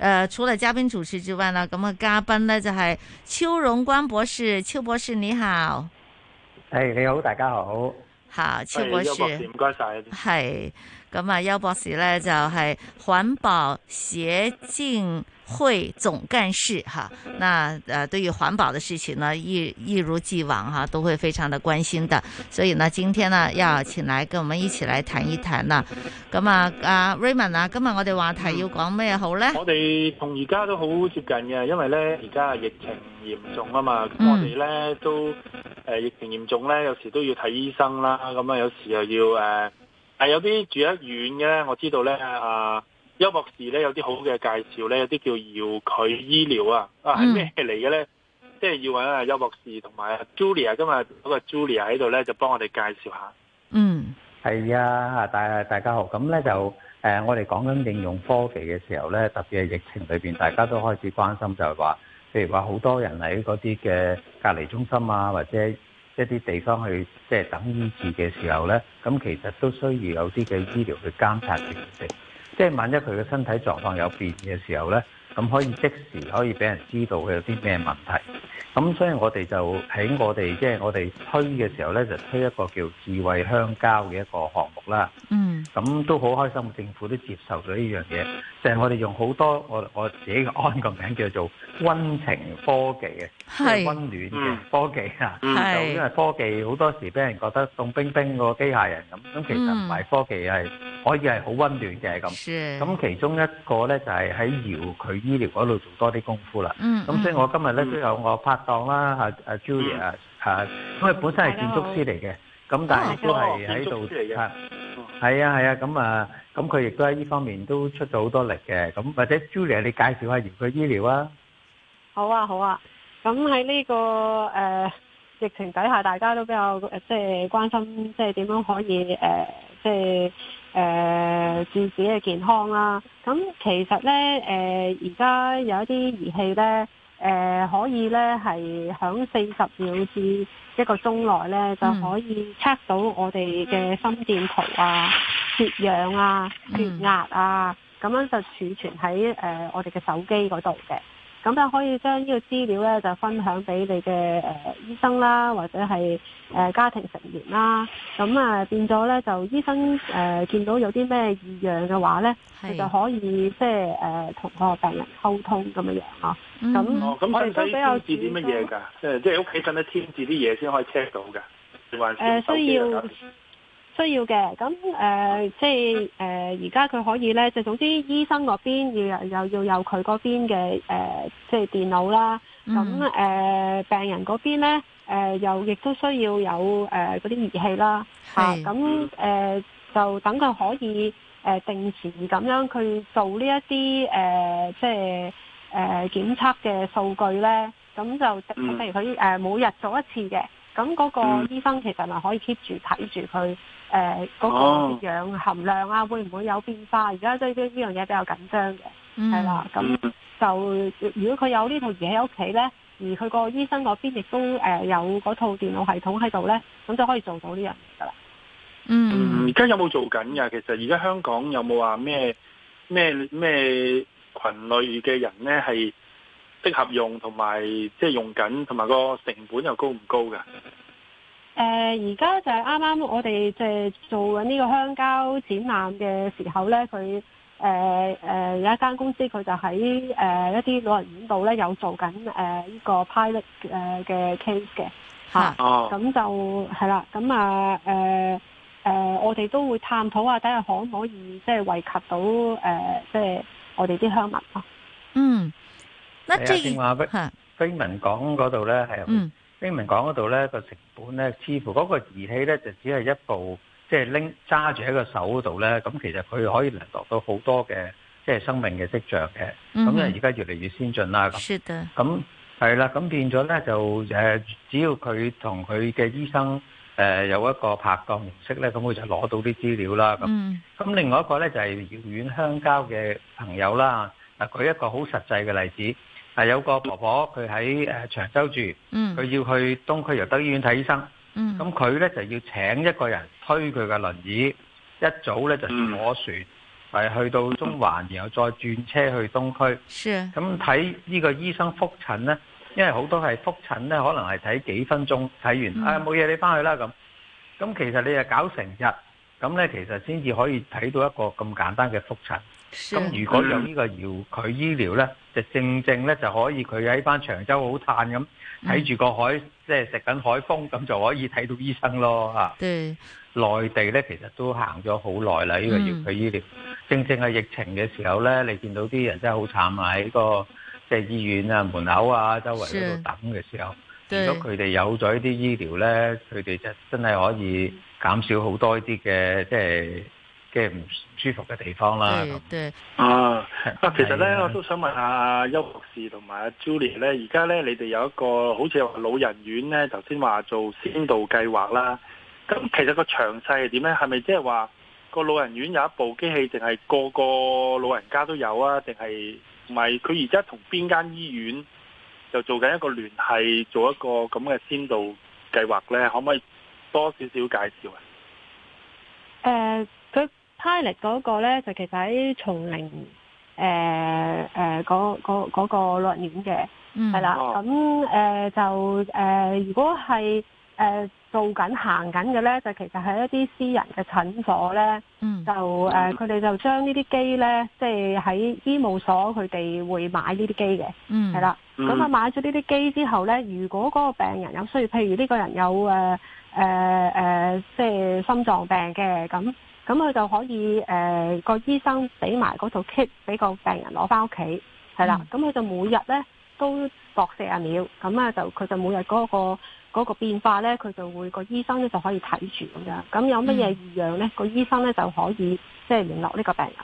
呃、除了嘉賓主持之外呢，咁啊、那個、嘉賓呢就係邱榮光博士，邱博士你好，係、hey, 你好，大家好，好，邱博士，唔該晒，係咁啊，邱博士呢就係環保協進會總幹事哈，那誒對於環保嘅事情呢，一一如既往哈，都會非常的關心的。所以呢，今天呢要請來跟我們一起嚟談一談啦。咁啊，阿 Raymond 啊，今日我哋話題要講咩好呢？我哋同而家都好接近嘅，因為呢，而家疫情嚴重啊嘛，嗯、我哋呢，都誒、呃、疫情嚴重呢，有時都要睇醫生啦，咁啊有時又要誒，係、呃、有啲住得遠嘅呢，我知道呢啊。呃邱博士咧有啲好嘅介紹咧，有啲叫遙距醫療啊，啊係咩嚟嘅咧？即係要揾啊，邱、就是、博士同埋啊 Julia，今日嗰個 Julia 喺度咧，就幫我哋介紹下。嗯，係啊，大大家好，咁咧就誒、呃，我哋講緊應用科技嘅時候咧，特別係疫情裏邊，大家都開始關心就係話，譬如話好多人喺嗰啲嘅隔離中心啊，或者一啲地方去即係、就是、等醫治嘅時候咧，咁其實都需要有啲嘅醫療去監察佢哋即係萬一佢嘅身體狀況有變嘅時候咧，咁可以即時可以俾人知道佢有啲咩問題。咁所以，我哋就喺我哋即係我哋推嘅時候咧，就推一個叫智慧鄉郊嘅一個項目啦。嗯。咁都好開心，政府都接受咗呢樣嘢，就係我哋用好多我我自己嘅安個名叫做温情科技嘅，即係温暖嘅科技啊。嗯。就因為科技好多時俾人覺得凍冰冰個機械人咁，咁其實唔係，科技係可以係好温暖嘅咁。是。咁其中一個咧就係喺遙距醫療嗰度做多啲功夫啦。嗯。咁所以我今日咧都有我 part。當啦，阿阿 Julia 嚇，因為本身係建築師嚟嘅，咁但係都係喺度嚇，係啊係啊，咁啊，咁佢亦都喺呢方面都出咗好多力嘅，咁或者 Julia 你介紹下遙距醫療啊？好啊好啊，咁喺呢個誒疫情底下，大家都比較即係關心，即係點樣可以誒，即係誒注意自己健康啦。咁其實咧誒，而家有一啲儀器咧。誒、呃、可以咧，係響四十秒至一個鐘內咧，就可以 check 到我哋嘅心電圖啊、血氧啊、血壓啊，咁樣就儲存喺、呃、我哋嘅手機嗰度嘅。咁就可以將呢個資料呢，就分享俾你嘅、呃、醫生啦，或者係、呃、家庭成員啦。咁、呃、變咗呢，就醫生、呃、見到有啲咩異樣嘅話呢，就的可以即係同個病人溝通咁樣咁咁，醫、啊、生、嗯、比較注意啲乜嘢㗎？即係即係屋企瞓得貼置啲嘢先可以 check 到㗎，還是手機啊？需要嘅，咁誒、呃、即係誒而家佢可以咧，就係總之醫生嗰邊要又要有佢嗰邊嘅誒、呃，即係電腦啦。咁誒、嗯呃、病人嗰邊咧，誒又亦都需要有誒嗰啲儀器啦。嚇是，咁誒、啊呃、就等佢可以誒、呃、定時咁樣，去做呢一啲誒即係誒、呃、檢測嘅數據咧，咁就譬如佢誒、呃、每日做一次嘅，咁嗰個醫生其實咪可以 keep 住睇住佢。誒，嗰、呃，那個氧含量啊，會唔會有變化？而家都呢呢樣嘢比較緊張嘅，係啦、嗯，咁就如果佢有呢套嘢喺屋企呢，而佢個醫生嗰邊亦都誒有嗰套電腦系統喺度呢，咁就可以做到呢樣嘢㗎啦。嗯，而家有冇做緊㗎？其實而家香港有冇話咩咩咩群類嘅人呢？係適合用同埋即係用緊，同埋個成本又高唔高㗎？嗯誒，而家、呃、就係啱啱我哋即係做緊呢個鄉郊展覽嘅時候咧，佢誒誒有一間公司佢就喺誒、呃、一啲老人院度咧有做緊誒呢個 pilot 誒嘅、呃、case 嘅吓，咁、啊啊、就係啦，咁啊誒誒我哋都會探討下睇下可唔可以即係惠及到誒、呃、即係我哋啲鄉民咯、啊嗯就是。嗯，打電話俾飛民港嗰度咧係。聽明講嗰度咧個成本咧，似乎嗰個儀器咧就只係一部，即係拎揸住喺個手度咧。咁其實佢可以嚟攞到好多嘅，即係生命嘅跡象嘅。咁因為而家越嚟越先進啦，咁係啦，咁的變咗咧就誒，只要佢同佢嘅醫生誒、呃、有一個拍檔形式咧，咁佢就攞到啲資料啦。咁咁、mm hmm. 另外一個咧就係、是、遙遠鄉郊嘅朋友啦。嗱，舉一個好實際嘅例子。有個婆婆，佢喺誒長洲住，佢、嗯、要去東區尤德醫院睇醫生。咁佢咧就要請一個人推佢嘅輪椅，一早咧就坐船、嗯、去到中環，然後再轉車去東區，咁睇呢個醫生覆診咧。因為好多係覆診咧，可能係睇幾分鐘，睇完啊冇嘢，你翻去啦咁。咁其實你就搞成日，咁咧其實先至可以睇到一個咁簡單嘅覆診。咁是如果有個遙、嗯、呢個遙距醫療咧？就正正咧就可以，佢喺翻長洲好嘆咁，睇住個海，嗯、即係食緊海風，咁就可以睇到醫生咯嚇。對，內地咧其實都行咗好耐啦，呢、嗯、個遙距醫療正正係疫情嘅時候咧，你見到啲人真係好慘啊，喺個即係、就是、醫院啊門口啊周圍嗰度等嘅時候。的如果佢哋有咗啲醫療咧，佢哋對就真係可以減少好多啲嘅即係。就是即唔舒服嘅地方啦，咁啊啊，其實咧對我都想問下邱博士同埋 Julie 咧，而家咧你哋有一個好似話老人院咧，頭先話做先導計劃啦。咁其實個詳細係點咧？係咪即係話個老人院有一部機器，定係個個老人家都有啊？定係唔係佢而家同邊間醫院就做緊一個聯繫，做一個咁嘅先導計劃咧？可唔可以多少少介紹啊？誒。呃泰力嗰個呢，就其實喺松陵誒誒嗰嗰個落點嘅，係、那、喇、個，咁誒、嗯呃、就誒、呃，如果係誒、呃、做緊行緊嘅呢，就其實係一啲私人嘅診所呢。嗯、就誒佢哋就將呢啲機呢，即係喺醫務所佢哋會買呢啲機嘅，係喇，咁啊買咗呢啲機之後呢，如果嗰個病人有需要，譬如呢個人有誒誒、呃呃呃、即係心臟病嘅咁。咁佢就可以，誒個醫生俾埋嗰套 kit 俾個病人攞翻屋企，係啦。咁佢就每日咧都度四啊秒，咁啊就佢就每日嗰個嗰個變化咧，佢就會個醫生咧就可以睇住㗎。咁有乜嘢異樣咧，個醫生咧就可以即係、嗯就是、聯絡呢個病人。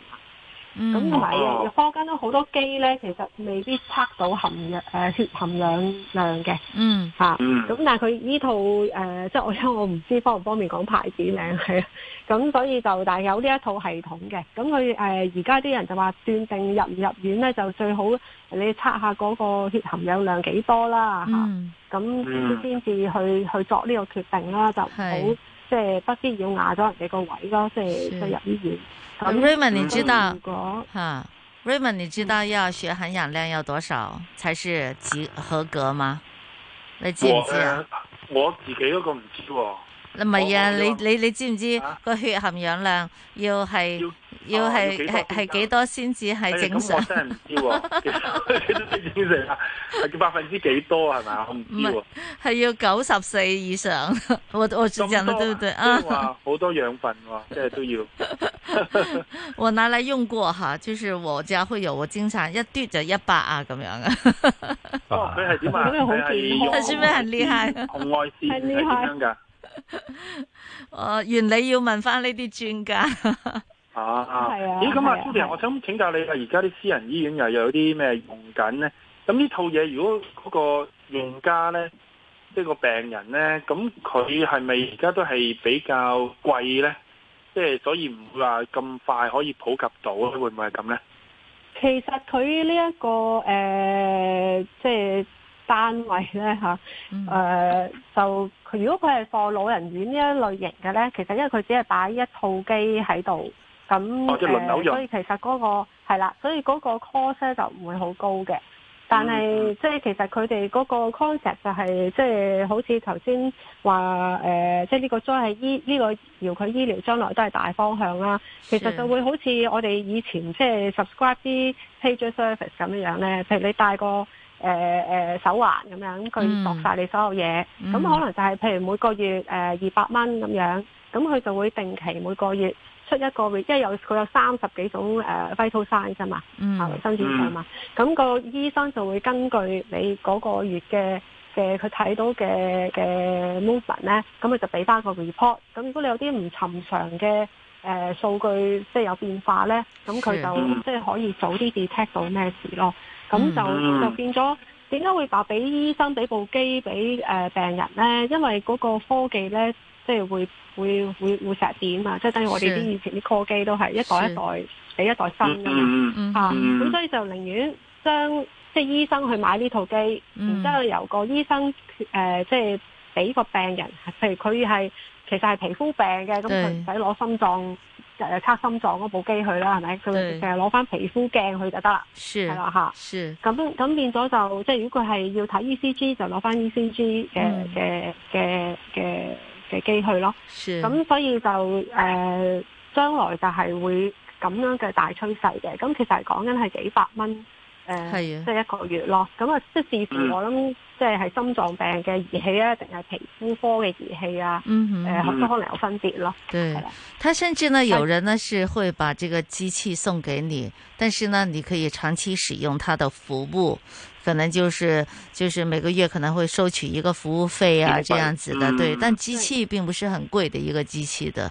咁同埋啊，坊間都好多機咧，其實未必測到含氧誒、呃、血含氧量嘅，嚇、嗯，咁、嗯啊、但係佢呢套誒，即係我因為我唔知方唔方便講牌子名係，咁、嗯、所以就但係有呢一套系統嘅，咁佢誒而家啲人就話斷定入唔入院咧，就最好你測下嗰個血含氧量幾多啦，咁先至去、嗯、去作呢個決定啦，就好。即係不必要咬咗人哋個位咯，即係都要入醫院。Raymond 你知道吓？Raymond 你知道要血含氧量要多少才是及、嗯、合格嗎？你知唔知啊我、呃？我自己嗰個唔知喎。唔係啊！你你你知唔知個血含氧量要係要係係係幾多先至係正常？咁我真唔知喎，幾多先正常啊？係叫百分之幾多係咪？我唔知係要九十四以上。我我確認啦，對唔對啊？哇，好多養分喎，即係都要。我拿來用過吓，就是我家會有，我經常一嘟就一百啊咁樣。哦，佢係點啊？佢係用紅外線，係點樣噶？哦， 原理要問翻呢啲專家 啊。啊，係、欸、啊。咦，咁啊，蘇婷生，啊、我想請教你啊，而家啲私人醫院又有啲咩用緊呢？咁呢套嘢，如果嗰個用家呢，即、這、係個病人呢，咁佢係咪而家都係比較貴呢？即係所以唔會話咁快可以普及到，會唔會係咁呢？其實佢呢一個誒，即、呃、係。就是單位咧嚇、啊嗯呃，就如果佢係放老人院呢一類型嘅咧，其實因為佢只係擺一套機喺度，咁、啊呃、所以其實嗰、那個係啦、嗯，所以嗰個 cost 呢就唔會好高嘅。但係、嗯、即係其實佢哋嗰個 concept 就係、是、即係好似頭先話即係呢個都係呢個遙距醫療，將來都係大方向啦。是其實就會好似我哋以前即係 subscribe 啲 pager service 咁樣呢，咧，譬如你帶個，誒誒、呃呃、手環咁樣，佢落晒你所有嘢，咁、嗯嗯、可能就係譬如每個月誒二百蚊咁樣，咁佢就會定期每個月出一個月，即係有佢有三十幾種誒 vital sign 啫嘛，係生節上嘛，咁、嗯嗯嗯、個醫生就會根據你嗰個月嘅嘅佢睇到嘅嘅 movement 咧，咁佢就俾翻個 report。咁如果你有啲唔尋常嘅誒、呃、數據，即係有變化咧，咁佢就的即係可以早啲 detect 到咩事咯。咁就、mm hmm. 就變咗點解會話俾醫生俾部機俾、呃、病人咧？因為嗰個科技咧，即係會會會會石點啊即係等於我哋啲以前啲科機都係一代一代俾一代新噶嘛嚇，咁、mm hmm. mm hmm. 啊、所以就寧願將即係醫生去買呢套機，mm hmm. 然之後由個醫生、呃、即係俾個病人，譬如佢係其實係皮膚病嘅，咁佢唔使攞心臟。就係測心臟嗰部機去啦，係咪？佢哋其實攞翻皮膚鏡去就得啦，係啦吓，咁咁吧是變咗就即係如果佢係要睇 E C G 就攞翻 E C G 嘅嘅嘅嘅嘅機去咯。咁是所以就誒、呃、將來就係會咁樣嘅大趨勢嘅。咁其實係講緊係幾百蚊。啊，呃、呀即係一個月咯。咁啊，嗯、即係視乎我諗，即係係心臟病嘅儀器，器啊，定係皮膚科嘅儀器啊，誒、呃，可能有分別咯。對，他的甚至呢，啊、有人呢是會把這個機器送給你，但是呢，你可以長期使用它的服務，可能就是就是每個月可能會收取一個服務費啊，的這樣子的。嗯、對，但機器並不是很貴的，一個機器的。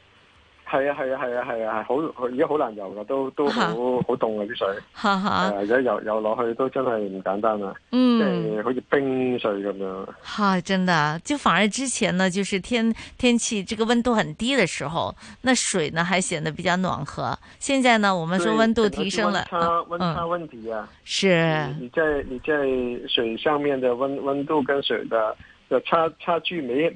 係啊係啊係啊係啊，啊，好，而家好難游噶都都好好凍啊啲水，誒，哈，而家、呃、游游落去都真係唔簡單啊，即係、嗯、好似冰水咁樣。吓，真的，就反而之前呢，就是天天氣這個温度很低的時候，那水呢還顯得比較暖和。現在呢，我們說温度提升了，温差、嗯、温差問題啊，嗯、是你，你在你在水上面的温温度跟水的的差差距沒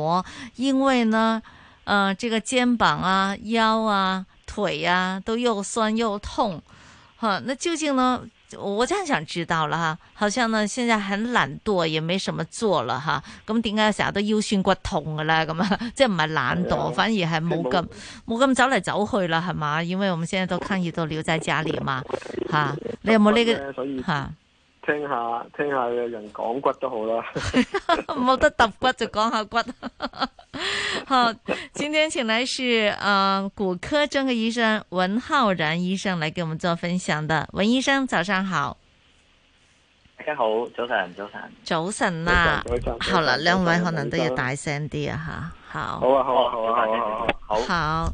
我因為呢，呃，這個肩膀啊、腰啊、腿啊，都又酸又痛，哈、啊。那究竟呢？我真想知道了哈。好像呢，現在很懶惰，也沒什麼做了哈。咁點解成日都腰酸骨痛嘅咧？咁啊，即係唔係懶惰，哎、呀反而係冇咁冇咁走嚟走去啦，係嘛？因為我們現在都抗疫都留在家裏嘛，哈、啊。你有冇呢、這個哈？啊聽下聽下有人講骨都好啦，冇得揼骨就講下骨。好，今天請來是，嗯，骨科專科醫生文浩然醫生來給我們做分享的。文醫生，早上好。大家好，早晨，早晨，早晨啊！好啦，兩位可能都要大聲啲啊，吓，好，好啊，好啊，好啊，好。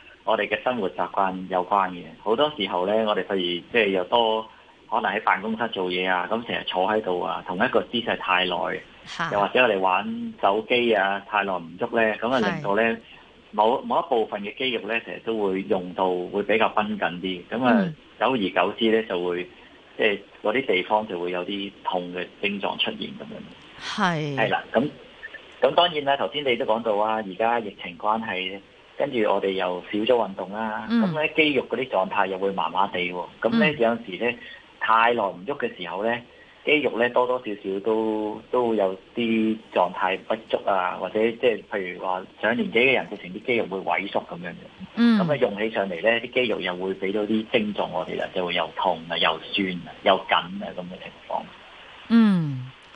我哋嘅生活習慣有關嘅，好多時候咧，我哋譬如即係又多可能喺辦公室做嘢啊，咁成日坐喺度啊，同一個姿勢太耐，啊、又或者我哋玩手機啊太耐唔足咧，咁啊令到咧是某某一部分嘅肌肉咧，成日都會用到會比較繃緊啲，咁啊久而久之咧就會即係嗰啲地方就會有啲痛嘅症狀出現咁樣。係係是啦，咁咁當然啦，頭先你都講到啊，而家疫情關係。跟住我哋又少咗運動啦，咁咧、嗯、肌肉嗰啲狀態又會麻麻地喎。咁咧、嗯、有陣時咧太耐唔喐嘅時候咧，肌肉咧多多少少都都會有啲狀態不足啊，或者即係譬如話上年紀嘅人，佢成啲肌肉會萎縮咁樣嘅。咁啊、嗯、用起上嚟咧，啲肌肉又會俾到啲症狀我哋啦，就會又痛啊，又酸啊，又緊啊咁嘅情況。嗯。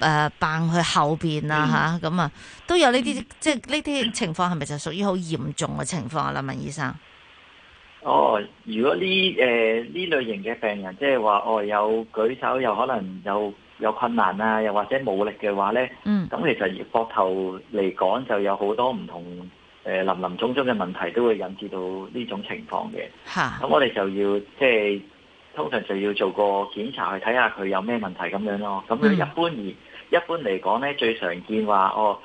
誒，掹、呃、去後邊啦吓，咁、嗯、啊，都有呢啲，即係呢啲情況係咪就屬於好嚴重嘅情況啊？啦，文醫生。哦，如果呢誒呢類型嘅病人，即係話哦有舉手又可能有有困難啊，又或者冇力嘅話咧，嗯，咁其實以膊頭嚟講就有好多唔同誒、呃、林林總總嘅問題都會引致到呢種情況嘅，吓哈，咁我哋就要即係、就是、通常就要做個檢查去睇下佢有咩問題咁樣咯，咁樣一般而。嗯一般嚟講咧，最常見話哦，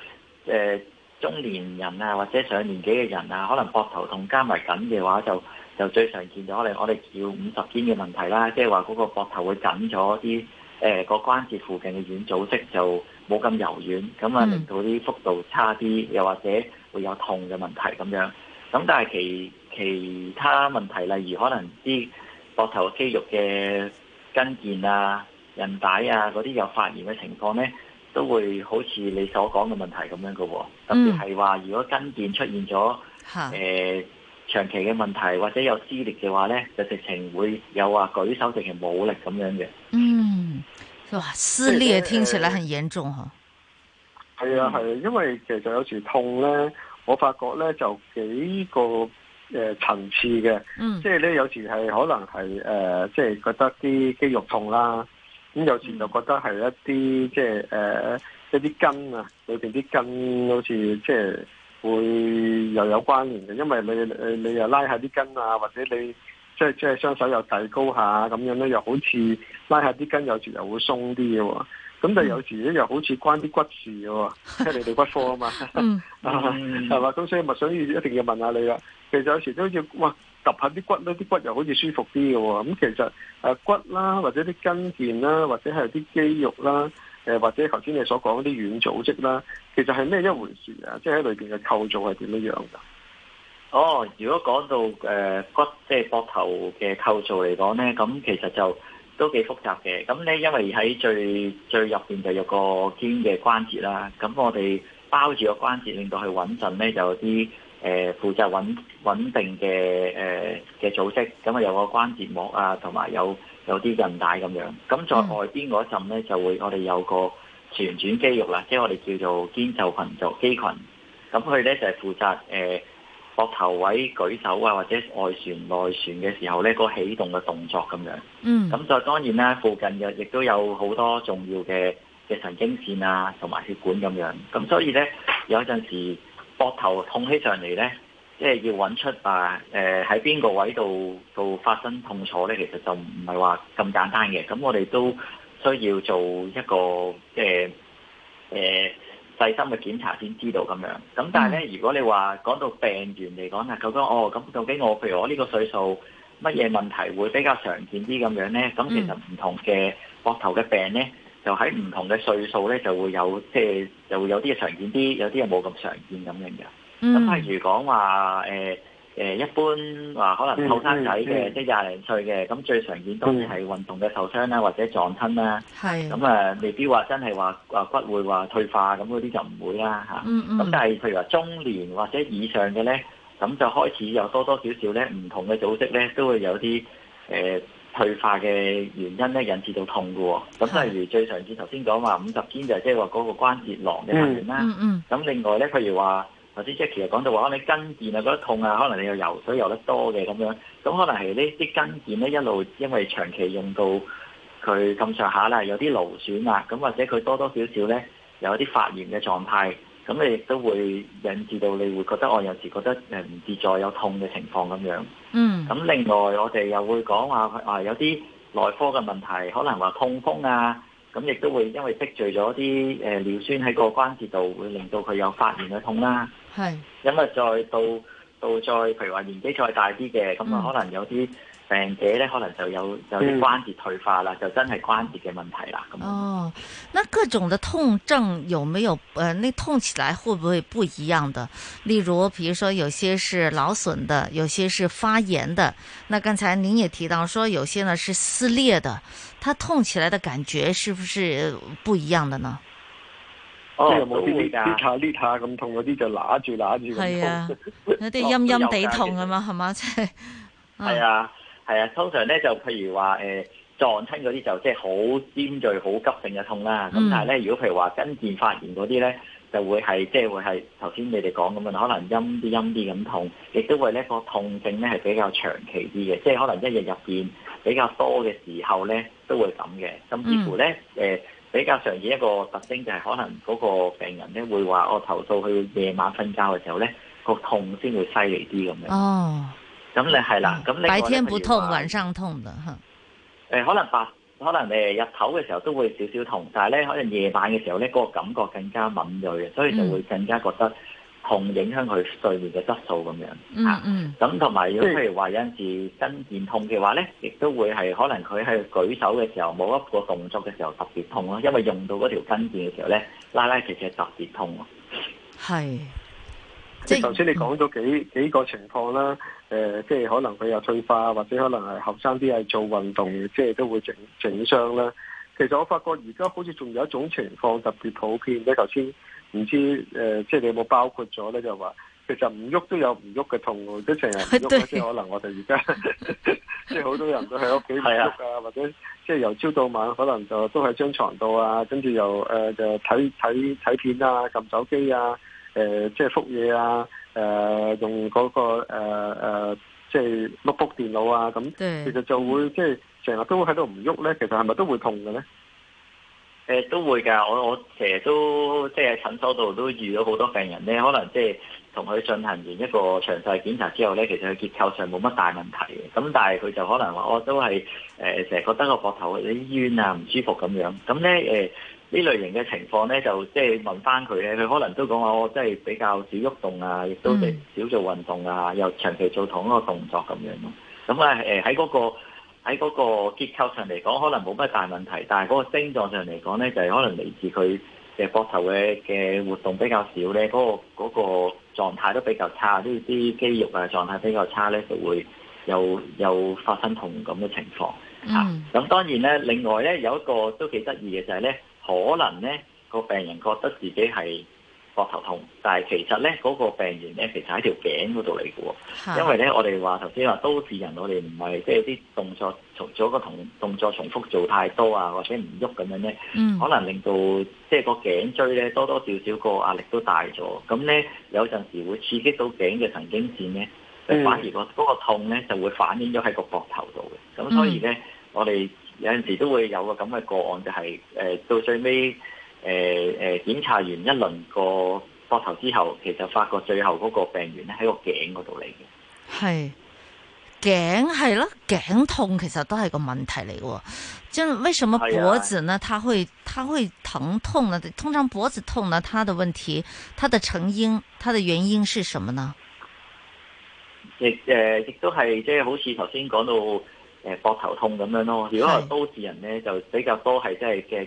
誒、呃、中年人啊，或者上年紀嘅人啊，可能膊頭痛加埋緊嘅話，就就最常見就可能我哋叫五十肩嘅問題啦，即係話嗰個膊頭會緊咗啲，誒、呃、個關節附近嘅軟組織就冇咁柔軟，咁啊令到啲幅度差啲，又或者會有痛嘅問題咁樣。咁但係其其他問題，例如可能啲膊頭肌肉嘅筋腱啊，韌帶啊，嗰啲有發炎嘅情況咧，都會好似你所講嘅問題咁樣嘅喎、哦。特別係話，如果跟腱出現咗誒長期嘅問題，或者有撕裂嘅話咧，就直情會有話舉手直情冇力咁樣嘅。嗯，哇，撕裂聽起來很嚴重嚇。係、欸呃、啊，係、啊啊，因為其實有時痛咧，我發覺咧就幾個誒、呃、層次嘅、嗯呃，即係咧有時係可能係誒，即係覺得啲肌肉痛啦。咁、嗯、有時就覺得係一啲即係誒、呃、一啲筋啊，裏邊啲筋好似即係會又有關聯嘅，因為你誒你又拉下啲筋啊，或者你即係即係雙手又提高下咁樣咧，又好似拉下啲筋有時又會鬆啲嘅喎，咁但係有時咧又好似關啲骨事嘅喎，即係 你哋骨科啊嘛，係嘛、 嗯，咁 所以咪所以一定要問下你啦。其實有時都好似哇～揼下啲骨咧，啲骨又好似舒服啲嘅喎。咁其實誒骨啦，或者啲筋腱啦，或者係啲肌肉啦，誒或者頭先你所講啲軟組織啦，其實係咩一回事啊？即係喺裏邊嘅構造係點樣樣㗎？哦，如果講到誒、呃、骨即係膊頭嘅構造嚟講咧，咁其實就都幾複雜嘅。咁咧因為喺最最入邊就有個肩嘅關節啦。咁我哋包住個關節，令到佢穩陣咧，就有啲。誒負責穩、穩定嘅誒嘅組織，咁啊有個關節膜啊，同埋有有啲韌帶咁樣。咁在外邊嗰陣咧，就會我哋有個旋轉肌肉啦，即係我哋叫做肩袖群、族肌群。咁佢咧就係、是、負責誒膊、呃、頭位舉手啊，或者外旋內旋嘅時候咧，那個起動嘅動作咁樣。嗯。咁就當然啦，附近嘅亦都有好多重要嘅嘅神經線啊，同埋血管咁樣。咁所以咧，有一陣時。膊頭痛起上嚟呢，即係要揾出啊，誒喺邊個位度度發生痛楚呢？其實就唔係話咁簡單嘅，咁我哋都需要做一個即係誒細心嘅檢查先知道咁樣。咁但係呢，如果你話講到病源嚟講啊，究竟哦咁究竟我譬如我呢個歲數乜嘢問題會比較常見啲咁樣呢？咁其實唔同嘅膊頭嘅病呢。就喺唔同嘅歲數咧，就會有即係、就是、就會有啲嘢常見啲，有啲嘢冇咁常見咁樣嘅。咁譬、嗯、如講話誒誒，一般話可能後生仔嘅，嗯嗯、即係廿零歲嘅，咁最常見都係運動嘅受傷啦，或者撞親啦。係咁、嗯、啊，未必話真係話話骨會話退化咁嗰啲就唔會啦嚇。咁、啊嗯嗯、但係譬如話中年或者以上嘅咧，咁就開始有多多少少咧，唔同嘅組織咧都會有啲誒。呃退化嘅原因咧，引致到痛嘅喎、哦。咁例如最常見，頭先講話五十肩就即係話嗰個關節囊嘅發炎啦。咁、mm. 另外咧，譬如話或者即係其實講到話，你筋腱啊覺得痛啊，可能你又游水游得多嘅咁樣，咁可能係呢啲筋腱咧一路因為長期用到佢咁上下啦，有啲勞損啊，咁或者佢多多少少咧有啲發炎嘅狀態。咁你亦都會引致到你會覺得，我有時覺得唔自在，有痛嘅情況咁樣。嗯。咁另外我哋又會講話，啊有啲內科嘅問題，可能話痛風啊，咁亦都會因為積聚咗啲誒尿酸喺個關節度，會令到佢有發炎嘅痛啦、啊。係是。因為再到到再譬如話年紀再大啲嘅，咁啊可能有啲。嗯病者咧，可能就有就有啲關節退化啦，嗯、就真係關節嘅問題啦。咁樣哦，那各種的痛症有沒有誒、呃？那痛起來會不會不一樣的？例如，比如說有些是勞損的，有些是發炎的。那剛才您也提到說，有些呢是撕裂的，它痛起來的感覺是不是不一樣的呢？哦，都會噶，呢下呢下咁痛嗰啲就揦住揦住痛，係啊，有啲陰陰地痛啊嘛，係嘛、哦？即係係啊。 嗯係啊，通常咧就譬如話誒、呃、撞親嗰啲就即係好尖銳、好急性嘅痛啦。咁、嗯、但係咧，如果譬如話跟腱發炎嗰啲咧，就會係即係會係頭先你哋講咁樣，可能陰啲陰啲咁痛，亦都會呢、呢個痛症咧係比較長期啲嘅，即係可能一日入邊比較多嘅時候咧都會咁嘅。甚至乎咧誒、嗯呃、比較常見一個特徵就係可能嗰個病人咧會話我投訴佢夜晚瞓覺嘅時候咧、個痛先會犀利啲咁樣。哦咁你係啦，咁你係白天不痛，晚上痛的，嗯、可能白，可能誒日頭嘅時候都會少少痛，但係咧可能夜晚嘅時候咧，嗰個感覺更加敏鋭，所以就會更加覺得痛，影響佢睡眠嘅質素咁樣。嗯嗯。咁同埋，嗯、如果譬如話有陣時跟腱痛嘅話咧，亦、嗯、都會係可能佢喺舉手嘅時候，某一個動作嘅時候特別痛咯，因為用到嗰條跟腱嘅時候咧，拉拉其實特別痛咯。係。頭先、嗯、你講咗幾幾個情況啦，誒、呃，即係可能佢有退化，或者可能係後生啲係做運動，即係都會整整傷啦。其實我發覺而家好似仲有一種情況特別普遍咧，頭先唔知誒、呃，即係你有冇包括咗咧？就話、是、其實唔喐都有唔喐嘅痛喎，都唔喐，對即係成日唔喐，即先可能我哋而家即係好多人都喺屋企唔喐啊，啊或者即係由朝到晚可能就都喺張床度啊，跟住又誒、呃、就睇睇睇片啊，撳手機啊。誒、呃，即係覆嘢啊！誒、呃，用嗰、那個誒、呃呃、即係 notebook 電腦啊！咁其實就會對即係成日都喺度唔喐咧，其實係咪都會痛嘅咧？誒、呃，都會㗎！我我成日都即係喺診所度都遇到好多病人咧，可能即係同佢進行完一個詳細檢查之後咧，其實佢結構上冇乜大問題嘅，咁但係佢就可能話：我都係誒成日覺得個膊頭好冤啊，唔舒服咁樣。咁咧誒。呃呢類型嘅情況咧，就即係問翻佢咧，佢可能都講話我即係比較少喐動啊，亦都少少做運動啊，又長期做同一個動作咁樣咯。咁啊誒喺嗰個喺嗰個結構上嚟講，可能冇乜大問題，但係嗰個症狀上嚟講咧，就係可能嚟自佢嘅膊頭嘅嘅活動比較少咧，嗰個嗰個狀態都比較差，呢啲肌肉啊狀態比較差咧，就會有有發生痛咁嘅情況。嗯。咁當然咧，另外咧有一個都幾得意嘅就係咧。可能咧，個病人覺得自己係膊頭痛，但係其實咧，嗰個病人咧其實喺條頸嗰度嚟嘅喎。因為咧，的我哋話頭先話都市人，我哋唔係即係啲動作重，做個同動作重複做太多啊，或者唔喐咁樣咧，嗯、可能令到即係個頸椎咧多多少少個壓力都大咗。咁咧有陣時會刺激到頸嘅神經線咧，嗯、反而個嗰個痛咧就會反映咗喺個膊頭度嘅。咁所以咧，嗯、我哋。有陣時都會有個咁嘅個案，就係、是、誒、呃、到最尾誒誒，檢查完一輪個膊頭之後，其實發覺最後嗰個病源咧喺個頸嗰度嚟嘅。係頸係咯，頸痛其實都係個問題嚟嘅。即係為什麼脖子呢？的它會它會疼痛呢？通常脖子痛呢，它的問題、它的成因、它的原因是什麼呢？亦誒亦都係即係好似頭先講到。誒膊頭痛咁樣咯，如果係都市人咧，就比較多係即係嘅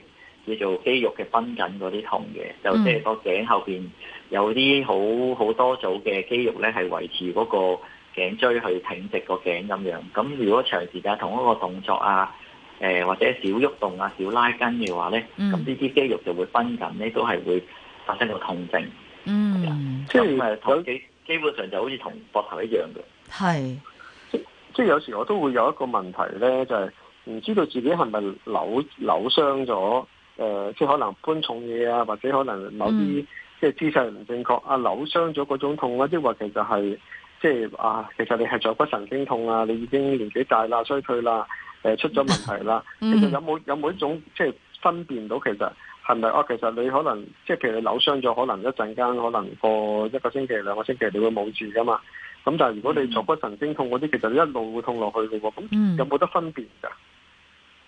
叫做肌肉嘅繃緊嗰啲痛嘅，就即係個頸後邊有啲好好多組嘅肌肉咧，係維持嗰個頸椎去挺直個頸咁樣。咁如果長時間同一個動作啊，誒或者少喐動啊，少拉筋嘅話咧，咁呢啲肌肉就會繃緊咧，都係會發生個痛症。嗯，所以基基本上就好似同膊頭一樣嘅。係。即係有時我都會有一個問題咧，就係、是、唔知道自己係咪扭扭傷咗？誒、呃，即係可能搬重嘢啊，或者可能某啲即係姿勢唔正確啊，啊扭傷咗嗰種痛啦、啊，即係話其實係即係啊，其實你係坐骨神經痛啊，你已經年紀大啦，衰退啦，誒、呃、出咗問題啦。其實有冇有冇一種即係分辨到其實係咪哦？其實你可能即係其實扭傷咗，可能一陣間可能過一個星期兩個星期你會冇住噶嘛？咁但係如果你坐骨神經痛嗰啲，其實一路會痛落去嘅，咁有冇得分別噶？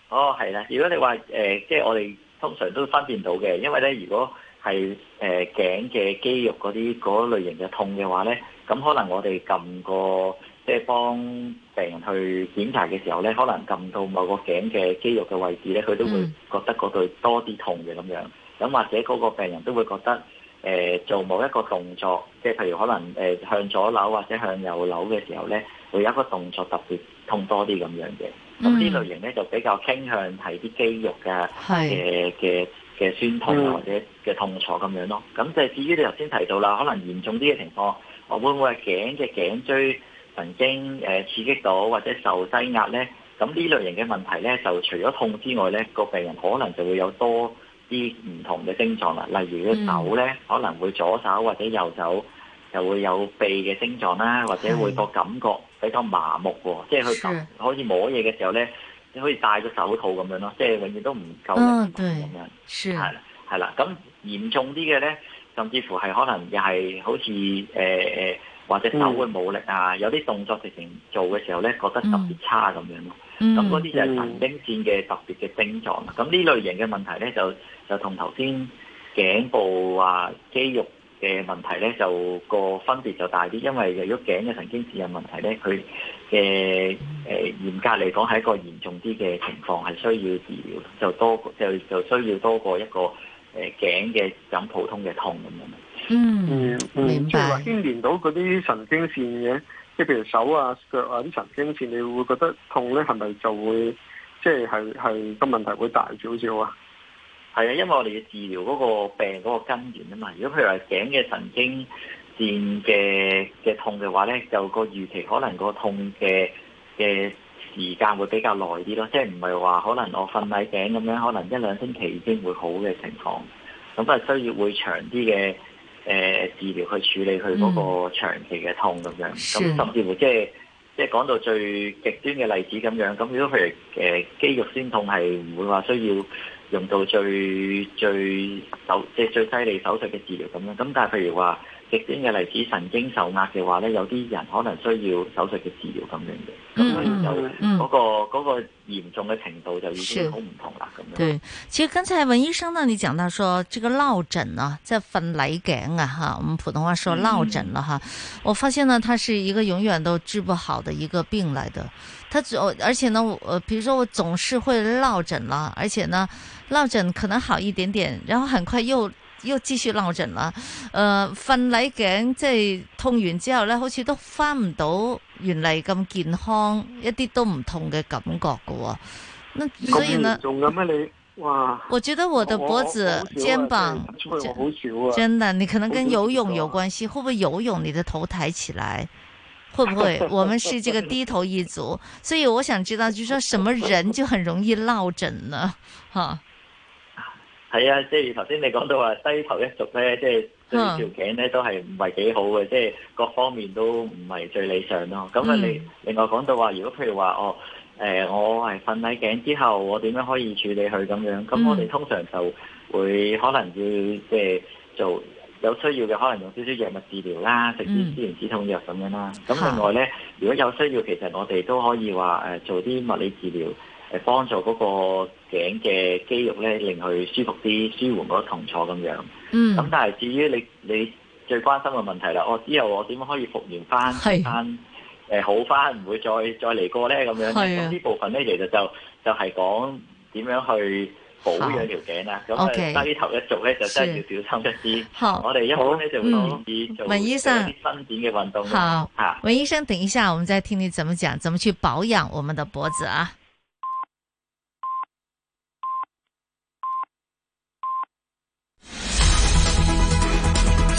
哦，係啦，如果你話誒，即係我哋通常都分辨到嘅，因為咧，如果係誒頸嘅肌肉嗰啲嗰類型嘅痛嘅話咧，咁可能我哋撳個即係幫病人去檢查嘅時候咧，可能撳到某個頸嘅肌肉嘅位置咧，佢都會覺得嗰度多啲痛嘅咁樣，咁或者嗰個病人都會覺得。誒、呃、做某一個動作，即係譬如可能誒、呃、向左扭或者向右扭嘅時候咧，會有一個動作特別痛多啲咁樣嘅。咁呢、嗯、類型咧就比較傾向係啲肌肉嘅嘅嘅嘅酸痛或者嘅痛楚咁樣咯。咁即係至於你頭先提到啦，可能嚴重啲嘅情況，會唔會係頸嘅頸椎神經誒、呃、刺激到或者受擠壓咧？咁呢類型嘅問題咧，就除咗痛之外咧，個病人可能就會有多啲唔同嘅症狀啦，例如個手咧、嗯、可能會左手或者右手又會有痹嘅症狀啦，或者會個感覺比較麻木喎，是即係佢可以摸嘢嘅時候咧，你可以戴個手套咁樣咯，即係永遠都唔夠力咁樣，係啦、嗯，係啦，咁嚴重啲嘅咧，甚至乎係可能又係好似誒誒，或者手會冇力啊，嗯、有啲動作直情做嘅時候咧，覺得特別差咁樣咯。嗯。咁嗰啲就係神經線嘅特別嘅症狀啦。咁呢、嗯、類型嘅問題咧，就就同頭先頸部啊，肌肉嘅問題咧，就個分別就大啲。因為如果頸嘅神經線有問題咧，佢嘅誒嚴格嚟講係一個嚴重啲嘅情況，係需要治療，就多就就需要多過一個誒頸嘅咁普通嘅痛咁樣。嗯，明白。譬如話、嗯、牽連到嗰啲神經線嘅。即譬如手啊、腳啊啲神經線，你會覺得痛咧，係咪就會即係係係個問題會大少少啊？係啊，因為我哋要治療嗰個病嗰個根源啊嘛。如果譬如係頸嘅神經線嘅嘅痛嘅話咧，就個預期可能個痛嘅嘅時間會比較耐啲咯，即係唔係話可能我瞓喺頸咁樣，可能一兩星期先會好嘅情況，咁都係需要會長啲嘅。誒、呃、治療去處理佢嗰個長期嘅痛，咁樣，咁、mm. 甚至乎即係即係講到最極端嘅例子咁樣，咁如果譬如誒、呃、肌肉酸痛係唔會話需要用到最最手即係最犀利手術嘅治療咁樣，咁但係譬如話。極端嘅例子，神經受壓嘅話呢，有啲人可能需要手術嘅治療咁樣嘅，咁、嗯、就嗰、嗯那個嗰、嗯那個那個嚴重嘅程度就已經好唔同啦。咁對，其實剛才文醫生呢，你講到說，這個落枕啊，即係瞓捩頸啊，吓，我們普通話說落枕啦，哈，嗯、我發現呢，它是一個永遠都治不好的一個病來的。它總而且呢，我、呃，比如說我總是會落枕啦，而且呢，落枕可能好一點點，然後很快又。又繼續書鬧枕啦，誒、呃，瞓捩頸即係痛完之後咧，好似都返唔到原嚟咁健康，一啲都唔痛嘅感覺噶。咁嚴重噶咩你？哇！我覺得我的脖子、啊、肩膀，真的你可能跟游泳有關係。會不會游泳？你的頭抬起來，會不會？ 我們是這個低頭一族，所以我想知道，就是說什麼人就很容易鬧枕呢？哈、啊？係啊，即係頭先你講到話低頭一族咧，即係對條頸咧都係唔係幾好嘅，即係 Huh. 各方面都唔係最理想咯。咁啊，你另外講到話，如果譬如話哦，誒、呃、我係瞓戾頸之後，我點樣可以處理佢咁樣？咁我哋通常就會可能要即係做有需要嘅，可能用少少藥物治療啦，食啲消炎止痛藥咁樣啦。咁另外咧，Huh. 如果有需要，其實我哋都可以話誒做啲物理治療。誒，幫助嗰個頸嘅肌肉咧，令佢舒服啲，舒緩嗰個痛楚咁樣。嗯。咁但係至於你你最關心嘅問題啦，我之後我點樣可以復原翻，係翻誒好翻，唔會再再嚟過咧咁樣。係啊。呢部分咧，其實就就係講點樣去保養條頸啦。OK。低頭一族咧，就真係要小心一啲。好。我哋一好咧，就會開始做啲伸展嘅運動好。文醫生，等一下，我們再聽你怎麼講，怎麼去保養我們的脖子啊？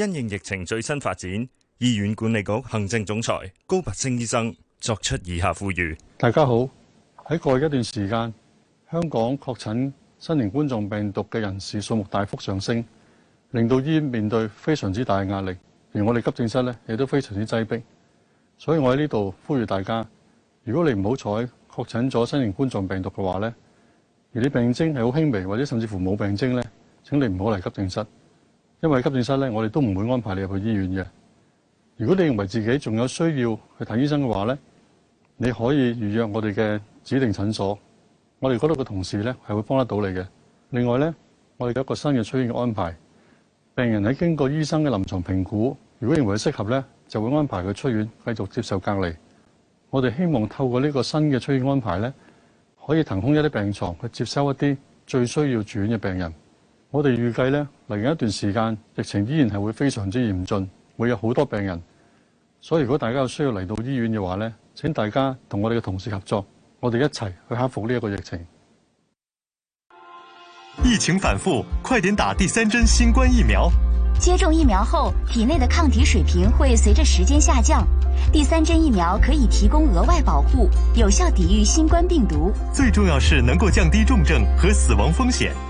因應疫情最新發展，醫院管理局行政總裁高拔升醫生作出以下呼籲：大家好，喺過去一段時間，香港確診新型冠狀病毒嘅人士數目大幅上升，令到醫院面對非常之大壓力，而我哋急症室咧亦都非常之擠迫。所以我喺呢度呼籲大家，如果你唔好彩確診咗新型冠狀病毒嘅話咧，而啲病徵係好輕微或者甚至乎冇病徵咧，請你唔好嚟急症室。因為急症室咧，我哋都唔會安排你入去醫院嘅。如果你認為自己仲有需要去睇醫生嘅話咧，你可以預約我哋嘅指定診所，我哋嗰度嘅同事咧係會幫得到你嘅。另外咧，我哋有一個新嘅出院嘅安排，病人喺經過醫生嘅臨床評估，如果認為適合咧，就會安排佢出院繼續接受隔離。我哋希望透過呢個新嘅出院安排咧，可以騰空一啲病床，去接收一啲最需要住院嘅病人。我哋預計呢，嚟緊一段時間，疫情依然係會非常之嚴峻，會有好多病人。所以如果大家有需要嚟到醫院嘅話呢，請大家同我哋嘅同事合作，我哋一齊去克服呢一個疫情。疫情反覆，快點打第三針新冠疫苗。接種疫苗後，體內的抗體水平會隨着時間下降，第三針疫苗可以提供額外保護，有效抵禦新冠病毒。最重要是能夠降低重症和死亡風險。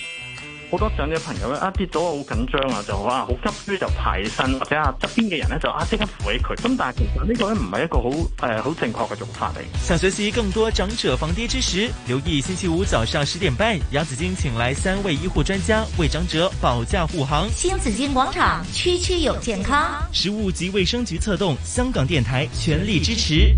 好多長者朋友咧啊跌咗，好緊張啊，就啊好急於就爬起身，或者啊側邊嘅人咧就啊即刻扶起佢。咁但係其實呢個咧唔係一個好誒好正確嘅做法嚟。想學習更多長者防跌知識，留意星期五早上十點半，楊子矜請來三位醫護專家為長者保駕護航。新紫荊廣場區區有健康，食物及衛生局策動，香港電台全力支持。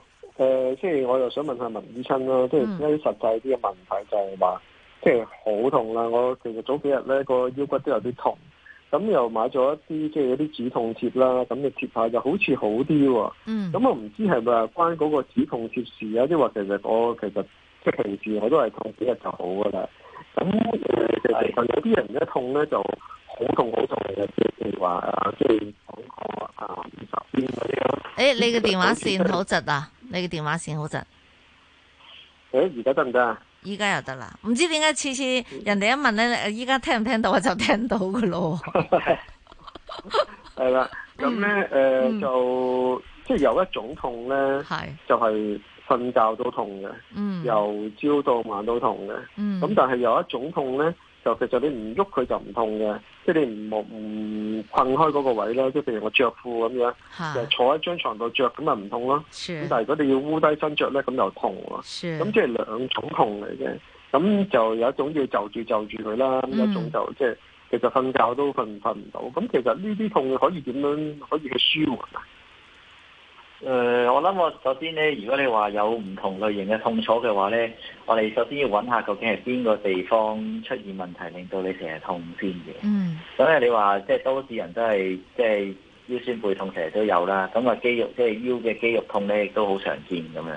誒，即係、呃就是、我又想問，問下文宇生咯，即、就、係、是、一啲實際啲嘅問題、就是，嗯、就係話即係好痛啦。我其實早幾日咧、那個腰骨都有啲痛，咁又買咗一啲即係一啲止痛貼啦，咁你貼下就好似好啲喎、哦。嗯，咁我唔知係咪關嗰個止痛貼事啊？即係話其實我其實即係停住，我都係痛幾日就好噶啦。咁其實有啲人一痛咧就。好痛好痛嘅，即係話啊，即係講課啊，二、啊、十。誒、啊啊啊啊啊哎，你嘅電話線好窒啊！你嘅電話線好窒。誒、哎，而家得唔得啊？依家又得啦，唔知點解次次人哋一問咧，依家聽唔聽到我就聽到噶咯。係啦， 咁咧誒，就 即係有一種痛咧，是就係瞓覺都痛嘅， 由朝到晚都痛嘅。咁 但係有一種痛咧。就其實你唔喐佢就唔痛嘅，即係你唔冇唔困開嗰個位啦，即係譬如我着褲咁樣，就是坐喺張床度着，咁咪唔痛咯。咁但係如果你要烏低身着咧，咁就痛喎。咁是即係兩種痛嚟嘅，咁就有一種要就住就住佢啦，嗯、一種就即係其實瞓覺都瞓瞓唔到。咁其實呢啲痛可以點樣可以去舒緩啊？誒、呃，我諗我首先咧，如果你話有唔同類型嘅痛楚嘅話咧，我哋首先要揾下究竟係邊個地方出現問題，令到你成日痛先嘅。嗯。咁啊，你話即係都市人都係即係腰酸背痛成日都有啦。咁啊，肌肉即係、就是、腰嘅肌肉痛咧，亦都好常見咁樣。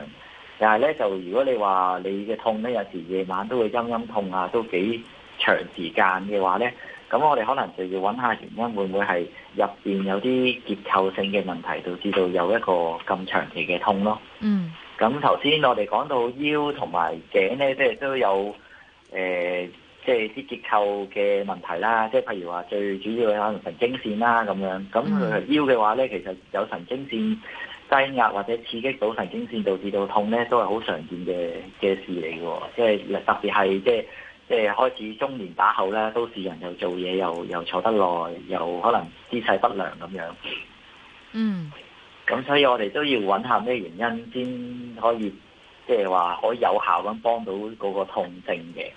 但係咧，就如果你話你嘅痛咧，有時夜晚都會陰陰痛啊，都幾長時間嘅話咧。咁我哋可能就要揾下原因，會唔會係入邊有啲結構性嘅問題，導致到有一個咁長期嘅痛咯。嗯。咁頭先我哋講到腰同埋頸咧，即係都有誒，即係啲結構嘅問題啦。即係譬如話最主要可能神經線啦咁樣。咁腰嘅話咧，其實有神經線擠壓或者刺激到神經線，導致到痛咧，都係好常見嘅嘅事嚟嘅。即係特別係即係。即係開始中年打後咧，都市人又做嘢又又坐得耐，又可能姿勢不良咁樣。嗯。咁所以我哋都要揾下咩原因先可以，即係話可以有效咁幫到嗰個痛症嘅。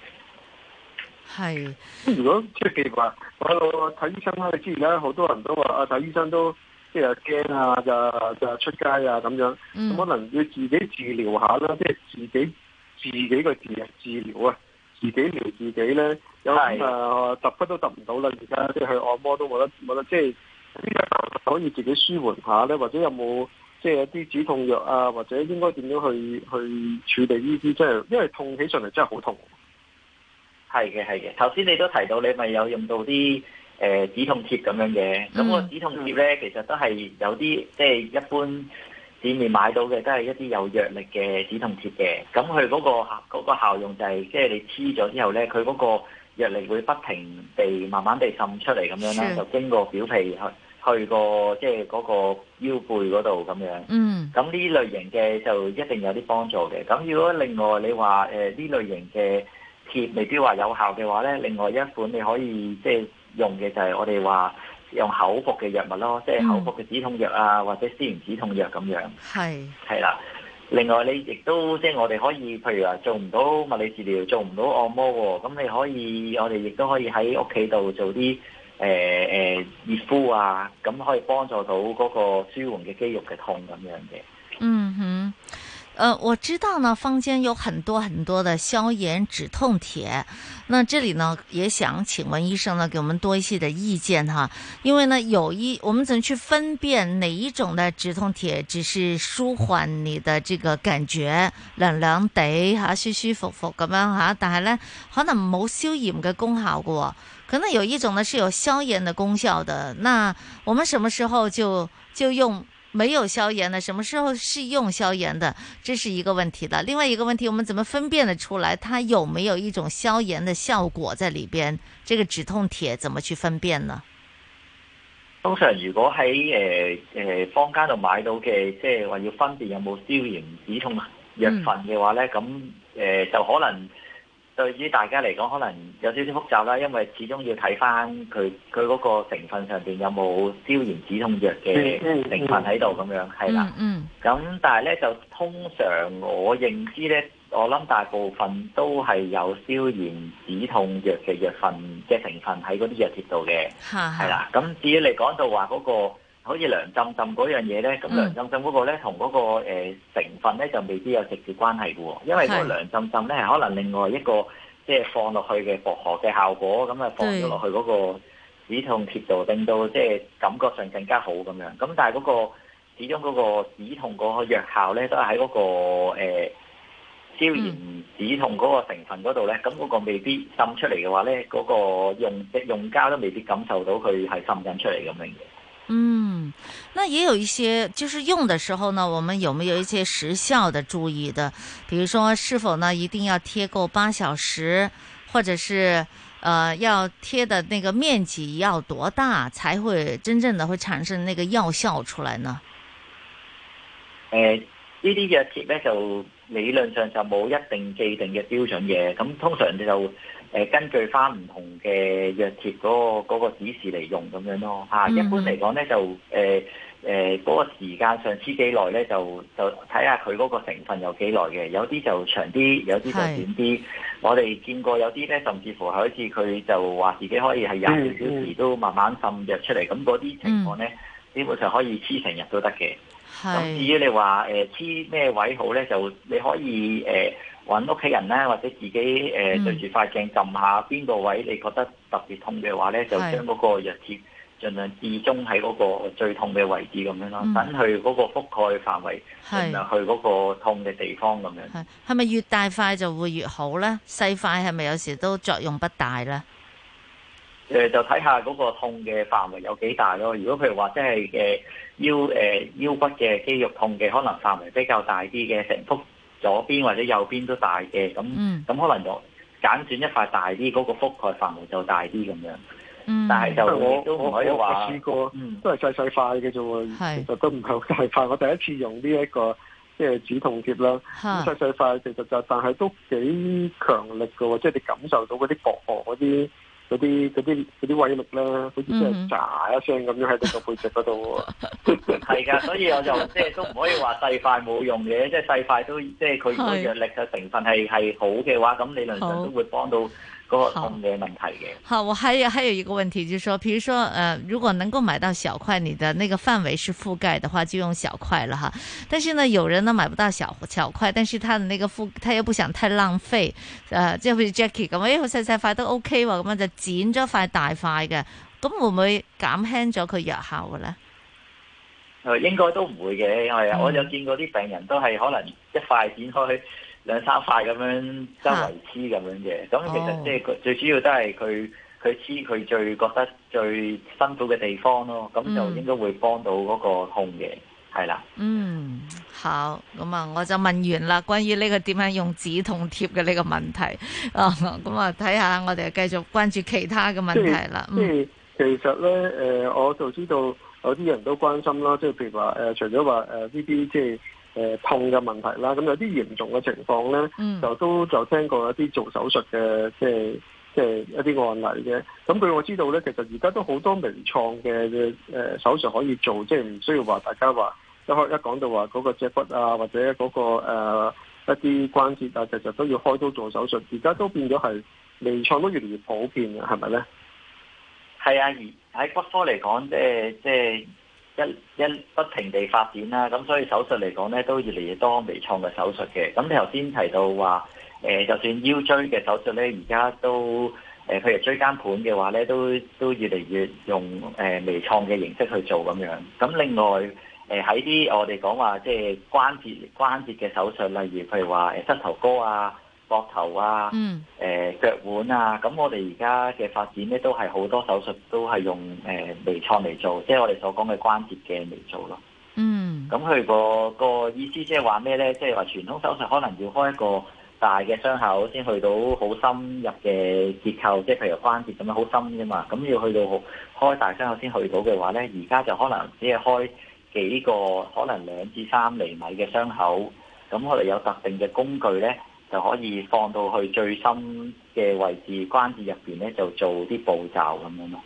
係。如果即係譬如話，我睇醫生啦，之前而好多人都話啊，睇醫生都即係驚啊，就就出街啊咁樣。嗯。可能要自己治療下啦，即係自己自己個自藥治療啊。自己調自己咧，有啲的啊揼骨都揼唔到啦，而家即係去按摩都冇得冇得，即係、就是、可以自己舒緩下咧，或者有冇即係有啲、就是、止痛藥啊，或者應該點樣去去處理呢啲？即、就、係、是、因為痛起上嚟真係好痛。係嘅係嘅，頭先你都提到你咪有用到啲誒止痛貼咁樣嘅，咁、嗯、個止痛貼咧的其實都係有啲即係一般。市面買到嘅都係一啲有藥力嘅止痛貼嘅，咁佢嗰個嗰個效用就係、是、即係你黐咗之後咧，佢嗰個藥力會不停地慢慢地滲出嚟咁樣啦，的就經過表皮去去個即係嗰個腰背嗰度咁樣。嗯，咁呢類型嘅就一定有啲幫助嘅。咁如果另外你話誒呢類型嘅貼未必話有效嘅話咧，另外一款你可以即係用嘅就係我哋話。用口服嘅藥物咯，即係口服嘅止痛藥啊，嗯、或者消炎止痛藥咁樣。係係啦，另外你亦都即係我哋可以，譬如話做唔到物理治療，做唔到按摩，咁你可以，我哋亦都可以喺屋企度做啲誒誒熱敷啊，咁可以幫助到嗰個舒緩嘅肌肉嘅痛咁樣嘅。嗯哼。呃，我知道呢，坊間有很多很多的消炎止痛貼，那這裏呢也想請問醫生呢，給我們多一些的意見哈。因為呢，有一我們怎麼去分辨哪一種的止痛貼只是舒緩你的這個感覺，涼涼的，哈，舒舒服服咁樣哈，但是呢，可能冇消炎嘅功效嘅，可能有一種呢是有消炎的功效的。那我們什麼時候就就用？沒有消炎的，什麼時候是用消炎的，這是一個問題的，另外一個問題，我們怎麼分辨得出來它有沒有一種消炎的效果在裏邊？這個止痛貼怎麼去分辨呢？通常如果喺誒誒坊間度買到嘅，即係話要分辨有冇消炎止痛藥粉嘅話咧，咁誒、嗯、就可能。對於大家嚟講，可能有少少複雜啦，因為始終要睇翻佢佢嗰個成分上面有冇消炎止痛藥嘅成分喺度咁樣，係啦。咁但係咧，就通常我認知咧，我諗大部分都係有消炎止痛藥嘅藥份嘅成分喺嗰啲藥貼度嘅，係啦。咁至於你講到話嗰個。好似涼浸浸嗰樣嘢咧，咁涼浸浸嗰個咧，同嗰、那個、呃、成分咧就未必有直接關係嘅喎，因為個涼浸浸咧係可能另外一個即係放落去嘅薄荷嘅效果，咁啊放咗落去嗰個止痛貼度，是的 令到即係感覺上更加好咁樣。咁但係嗰、那個始終嗰止痛嗰、那個藥效咧都喺嗰個消炎止痛嗰個成分嗰度咧，咁嗰、嗯、個未必滲出嚟嘅話咧，嗰、那個用嘅用家都未必感受到佢係滲緊出嚟咁樣嘅。嗯。那也有一些，就是用的時候呢，我們有沒有一些時效的注意的？比如說，是否呢一定要貼夠八小時，或者是呃，要貼的那個面積要多大才會真正的會產生那個藥效出來呢？誒、呃，呢啲藥貼咧就理論上就冇一定既定嘅標準嘅，咁通常就。誒，根據翻唔同嘅藥貼嗰個指示嚟用咁樣咯嚇，一般嚟講咧就誒、誒嗰個時間上黐幾耐咧，就就睇下佢嗰個成分有幾耐嘅，有啲就長啲，有啲就短啲。是我哋見過有啲咧，甚至乎係好似佢就話自己可以係廿四小時都慢慢滲藥出嚟，咁嗰啲情況咧，嗯、基本上可以黐成日都得嘅。咁是至於你話誒黐咩位好咧，就你可以誒。呃揾屋企人呢，或者自己誒對住塊鏡撳下邊個位，你覺得特別痛嘅話呢，就將嗰個藥貼盡量置中喺嗰個最痛嘅位置咁樣咯，等佢嗰個覆蓋範圍盡量去嗰個痛嘅地方咁樣。係咪越大塊就會越好呢？細塊係咪有時都作用不大呢？誒就睇下嗰個痛嘅範圍有幾大咯。如果譬如話即係誒腰誒腰骨嘅肌肉痛嘅，可能範圍比較大啲嘅成幅。左邊或者右邊都大嘅，咁咁、嗯、可能就揀選一塊大啲，嗰、那個覆蓋範圍就大啲咁樣。嗯，但係就是我我有試過都是小小的，都係細細塊嘅啫喎。其實都唔夠大塊。是我第一次用呢、這、一個即係、就是、止痛貼啦，細細是塊，其實就但係都幾強力㗎喎，即、就、係、是、你感受到嗰啲薄薄嗰啲。嗰啲嗰啲嗰啲威力啦，好似真係炸一聲咁樣喺個背脊嗰度，係、hmm. 㗎。 所以我就即係、就是、都唔可以話細塊冇用嘅，即、就、係、是、細塊都即係佢個藥力嘅成分係係好嘅話，咁理論上都會幫到。個嘅問題嘅，好，我還有還有一個問題，就是說，譬如說，呃、如果能夠買到小塊，你的那個範圍是覆蓋的話，就用小塊了哈。但是呢，有人呢買不到小小塊，但是他的那個覆，他又不想太浪費，呃，即係好似 Jacky 咁，細細塊都 OK 嘛，咁啊就剪咗塊大塊嘅，咁會唔會減輕咗佢藥效嘅咧？誒，應該都唔會嘅，係、嗯、我有見過啲病人都係可能一塊剪開。兩三塊咁樣的周圍黐咁樣嘅，咁的其實即係最主要都係佢佢黐佢最覺得最辛苦嘅地方咯，咁、嗯、就應該會幫到嗰個痛嘅，係啦。嗯，好，咁啊，我就問完啦，關於呢個點樣用止痛貼嘅呢個問題啊，咁啊睇下我哋繼續關注其他嘅問題啦。即係其實咧，誒、嗯呃，我就知道有啲人都關心啦，即係譬如話誒、呃，除咗話誒呢啲即係。誒痛嘅問題啦，咁有啲嚴重嘅情況咧，嗯、就都就聽過一啲做手術嘅，即係即係一啲案例嘅。咁據我知道咧，其實而家都好多微創嘅誒、呃、手術可以做，即係唔需要話大家話一開一講到話嗰個脊骨啊，或者嗰、嗰個、呃、一啲關節啊，其實都要開刀做手術。而家都變咗係微創都越嚟越普遍嘅，係咪咧？係啊，而喺骨科嚟講，即係即係。即係一一不停地發展啦，咁所以手術嚟講咧，都越嚟越多微創嘅手術嘅。咁你頭先提到話、呃，就算腰椎嘅手術咧，而家都誒、呃，譬如椎間盤嘅話咧，都都越嚟越用誒、呃、微創嘅形式去做咁樣。咁另外誒喺啲我哋講話即係關節關節嘅手術，例如譬如話誒膝頭哥啊，膊頭啊，誒、呃、腳腕啊，咁我哋而家嘅發展咧，都係好多手術都係用誒、呃、微創嚟做，即係我哋所講嘅關節鏡嚟做咯。嗯，咁佢個個意思即係話咩咧？即係話傳統手術可能要開一個大嘅傷口先去到好深入嘅結構，即係譬如關節咁樣好深嘅嘛。咁要去到開大傷口先去到嘅話咧，而家就可能只係開幾個可能兩至三厘米嘅傷口，咁可能有特定嘅工具咧。就可以放到去最深嘅位置關節入邊咧，就做啲步驟咁樣咯。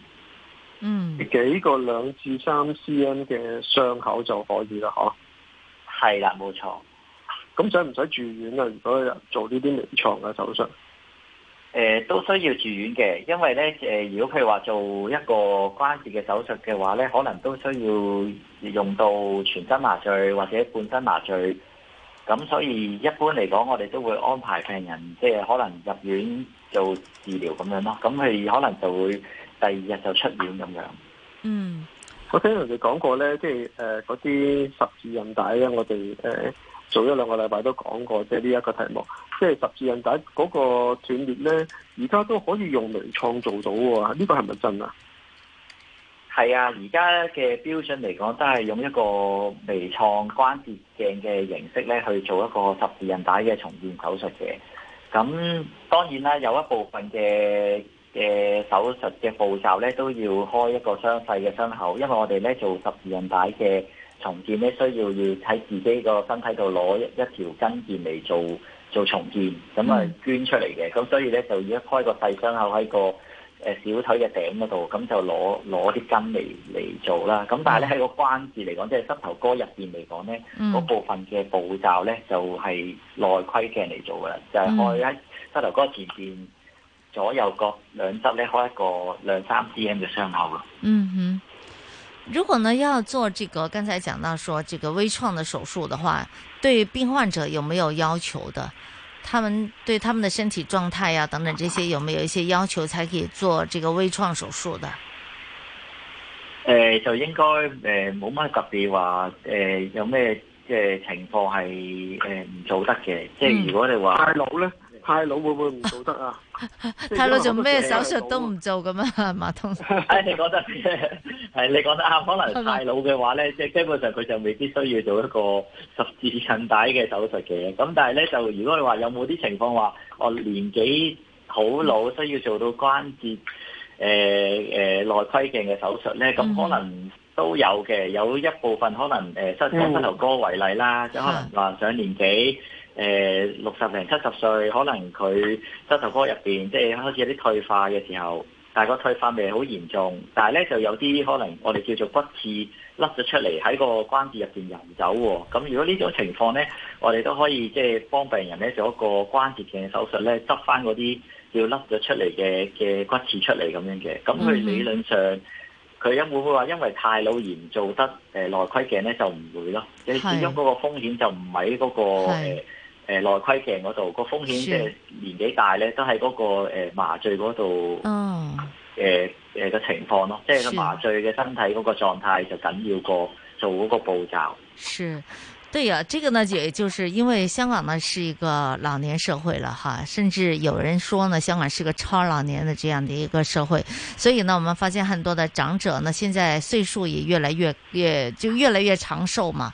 嗯，幾個兩至三 cm 嘅傷口就可以啦，嗬？係啦，冇錯。咁使唔使住院啊？如果有人做呢啲微創嘅手術？呃，都需要住院嘅，因為咧，呃，如果譬如話做一個關節嘅手術嘅話咧，可能都需要用到全身麻醉或者半身麻醉。咁所以一般嚟講，我哋都會安排病人，即係可能入院做治療咁樣咯。咁佢可能就會第二日就出院咁樣。嗯，我聽人哋講過咧，即係誒嗰啲十字韌帶咧，我哋誒做咗兩個禮拜都講過即係呢一個題目，即係十字韌帶嗰個斷裂咧，而家都可以用嚟創造到喎。呢個係咪真啊？係啊，而家嘅標準嚟講，都係用一個微創關節鏡嘅形式咧去做一個十字韌帶嘅重建手術嘅。咁當然啦，有一部分嘅嘅手術嘅步驟咧，都要開一個傷細嘅傷口，因為我哋咧做十字韌帶嘅重建咧，需要要喺自己個身體度攞一條跟腱嚟做做重建，咁啊捐出嚟嘅，咁、嗯、所以咧就要開一個細傷口喺個。誒、呃、小腿嘅頂嗰度，咁就攞攞啲筋嚟嚟做啦。咁但係咧喺個關節嚟講，即、就、係、是、膝頭哥入邊嚟講咧，嗰、嗯、部分嘅步驟咧就係內窺鏡嚟做噶啦，就係開喺膝頭哥前邊左右各兩側咧開一個兩三 CM 嘅傷口啦。嗯哼，如果呢要做這個，剛才講到說這個微創嘅手術嘅話，對於病患者有沒有要求的？他們對他們的身體狀態呀、啊、等等這些有沒有一些要求，才可以做這個微創手術的？誒、呃，就應該誒冇乜特別話，誒、呃、有咩即係情況係誒唔做得嘅？即係如果你話太、嗯、老咧。太老會唔會唔做得啊？ 太老做咩手術都唔做咁啊，馬通？誒，你講得啱、哎，你講得啱。可能太老嘅話咧，即係嗎基本上佢就未必需要做一個十字韌帶嘅手術嘅。咁但係咧，就如果你話有冇啲情況話，我年紀好老、嗯、需要做到關節誒誒、呃呃、內窺鏡嘅手術咧，咁可能都有嘅。嗯、有一部分可能誒，即、呃、膝頭哥為例啦，嗯、即係可能話上年紀。誒六十零七十歲，可能佢膝頭哥入面，即係開始有啲退化嘅時候，但係個退化未好嚴重，但係咧就有啲可能我哋叫做骨刺甩咗出嚟喺個關節入面遊走喎、哦。咁如果呢種情況咧，我哋都可以即係幫病人咧做一個關節鏡嘅手術咧，執翻嗰啲要甩咗出嚟嘅嘅骨刺出嚟咁樣嘅。咁佢理論上佢、mm hmm。有冇會話因為太老而唔做得誒內窺鏡咧？就唔會咯。即係始終嗰個風險就唔喺嗰個誒、呃、內窺鏡嗰度、嗰個風險，年紀大咧是都喺嗰、嗰個、呃、麻醉嗰度，誒誒嘅情況咯，即係個麻醉嘅身體嗰個狀態就緊要過做嗰個步驟。是，對啊，這個呢，也就是因為香港呢是一個老年社會了哈，甚至有人說呢，香港是個超老年的這樣的一個社會，所以呢，我們發現很多的長者呢，現在歲數也越來越，越，就越來越長壽嘛。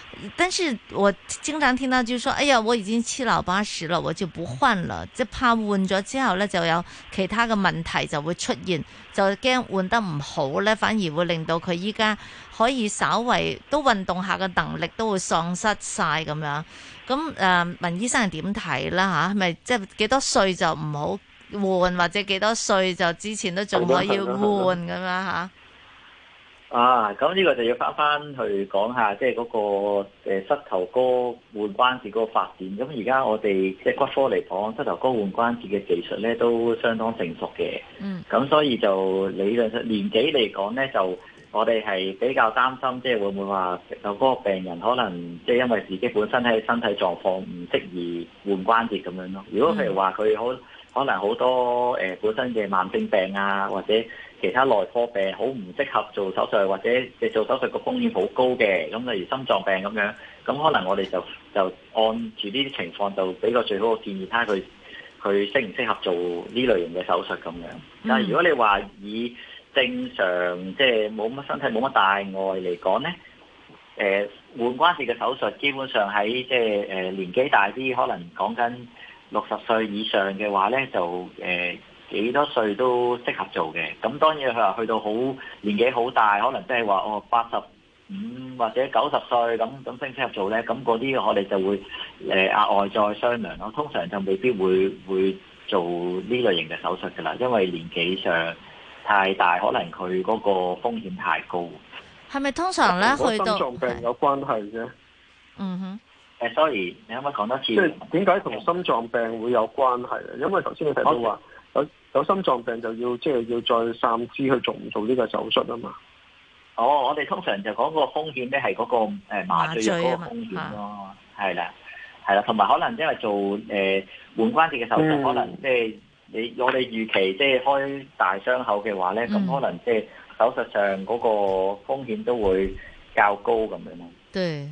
但是我經常聽到就說，哎呀，我已經七老八十了，我就不換了，即係怕換咗之後咧就有其他嘅問題就會出現，就驚換得唔好咧，反而會令到佢依家可以稍微都運動下嘅能力都會喪失晒咁樣。咁、嗯、誒，文、呃、醫生點睇啦吓？係、啊、咪即係幾多歲就唔好換，或者幾多歲就之前都仲可以換咁樣吓？啊，咁呢個就要翻翻去講下，即係嗰個膝頭哥換關節個發展。咁而家我哋即係骨科嚟講，膝頭哥換關節嘅技術咧都相當成熟嘅。嗯。咁所以就理論上年紀嚟講咧，就我哋係比較擔心，即係會唔會話有嗰個病人可能即係因為自己本身喺身體狀況唔適宜換關節咁樣咯？如果譬如話佢好可能好多、呃、本身嘅慢性病啊，或者，其他內科病好唔適合做手術，或者你做手術個風險好高嘅，咁例如心臟病咁樣，咁可能我哋就就按住呢啲情況，就俾個最好嘅建議，睇下佢佢適唔適合做呢類型嘅手術咁樣。但係如果你話以正常即係冇乜身體冇乜大礙嚟講咧，誒、呃、換關節嘅手術，基本上喺即係誒年紀大啲，可能講緊六十歲以上嘅話咧，就誒。呃幾多歲都適合做嘅，咁當然佢話去到好年紀好大，可能即係話哦八十五或者九十歲咁咁先適合做咧，咁嗰啲我哋就會誒額外再商量咯。通常就未必會會做呢類型嘅手術㗎啦，因為年紀上太大，可能佢嗰個風險太高。係咪通常咧去到？心臟病有關係嘅，嗯哼。誒，sorry，你可唔可以講多次？即係點解同心臟病會有關係咧？因為頭先你提到話。有心臟病就要即係、就是、要再三思去做唔做呢個手術啊嘛。哦，我哋通常就講個風險咧，係嗰、那個誒、呃、麻醉嘅嗰個風險咯，係啦、啊，係啦，同埋可能因為做誒換、呃、關節嘅手術，嗯、可能即係你我哋預期即係開大傷口嘅話咧，咁、嗯、可能即係手術上嗰個風險都會較高咁樣咯。對。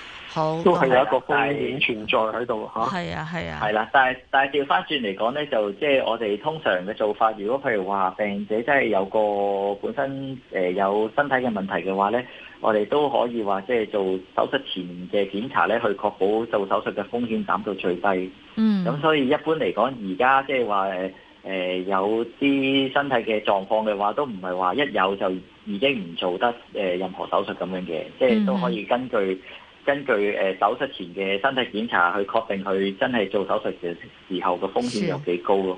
都係好有一個風險存在喺度嚇，係啊係啊，係啦、啊啊啊，但係但係調翻轉嚟講咧，就即係、就是、我哋通常嘅做法，如果譬如話病者真係有個本身誒、呃、有身體嘅問題嘅話咧，我哋都可以話即係做手術前嘅檢查咧，去確保做手術嘅風險減到最低。嗯，咁所以一般嚟講，而家即係話誒誒有啲身體嘅狀況嘅話，都唔係話一有就已經唔做得誒、呃、任何手術咁樣嘅，即、就、係、是、都可以根據。根據誒手術前嘅身體檢查，去確定佢真係做手術嘅時候嘅風險有幾高咯。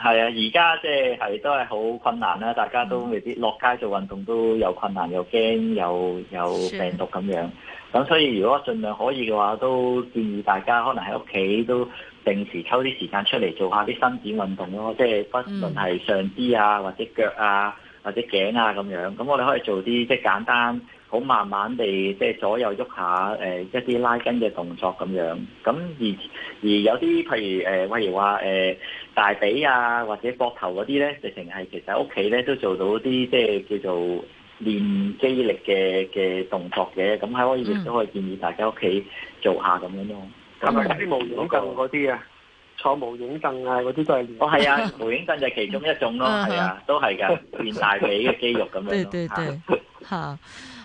係啊，而家即係都係好困難啦，大家都未必落街做運動都有困難，又驚又有病毒咁樣。咁是所以如果儘量可以嘅話，都建議大家可能喺屋企都定時抽啲時間出嚟做下啲伸展運動咯，即係不論係上肢啊，或者腳啊，或者頸啊咁樣。咁我哋可以做啲即係簡單。好慢慢地，即係左右喐下，誒一啲拉筋嘅動作咁樣。咁而而有啲，譬如誒，例如話誒大髀啊，或者膊頭嗰啲咧，直情係其實喺屋企咧都做到啲，即係叫做練肌力嘅嘅動作嘅。咁喺我亦都可以建議大家屋企做下咁樣咯。咁啊，啲無影凳嗰啲啊，坐無影凳啊嗰啲都係練。哦，係啊，無影凳就係其中一種咯，係啊，都係㗎練大髀嘅肌肉咁樣咯。對對對，嚇。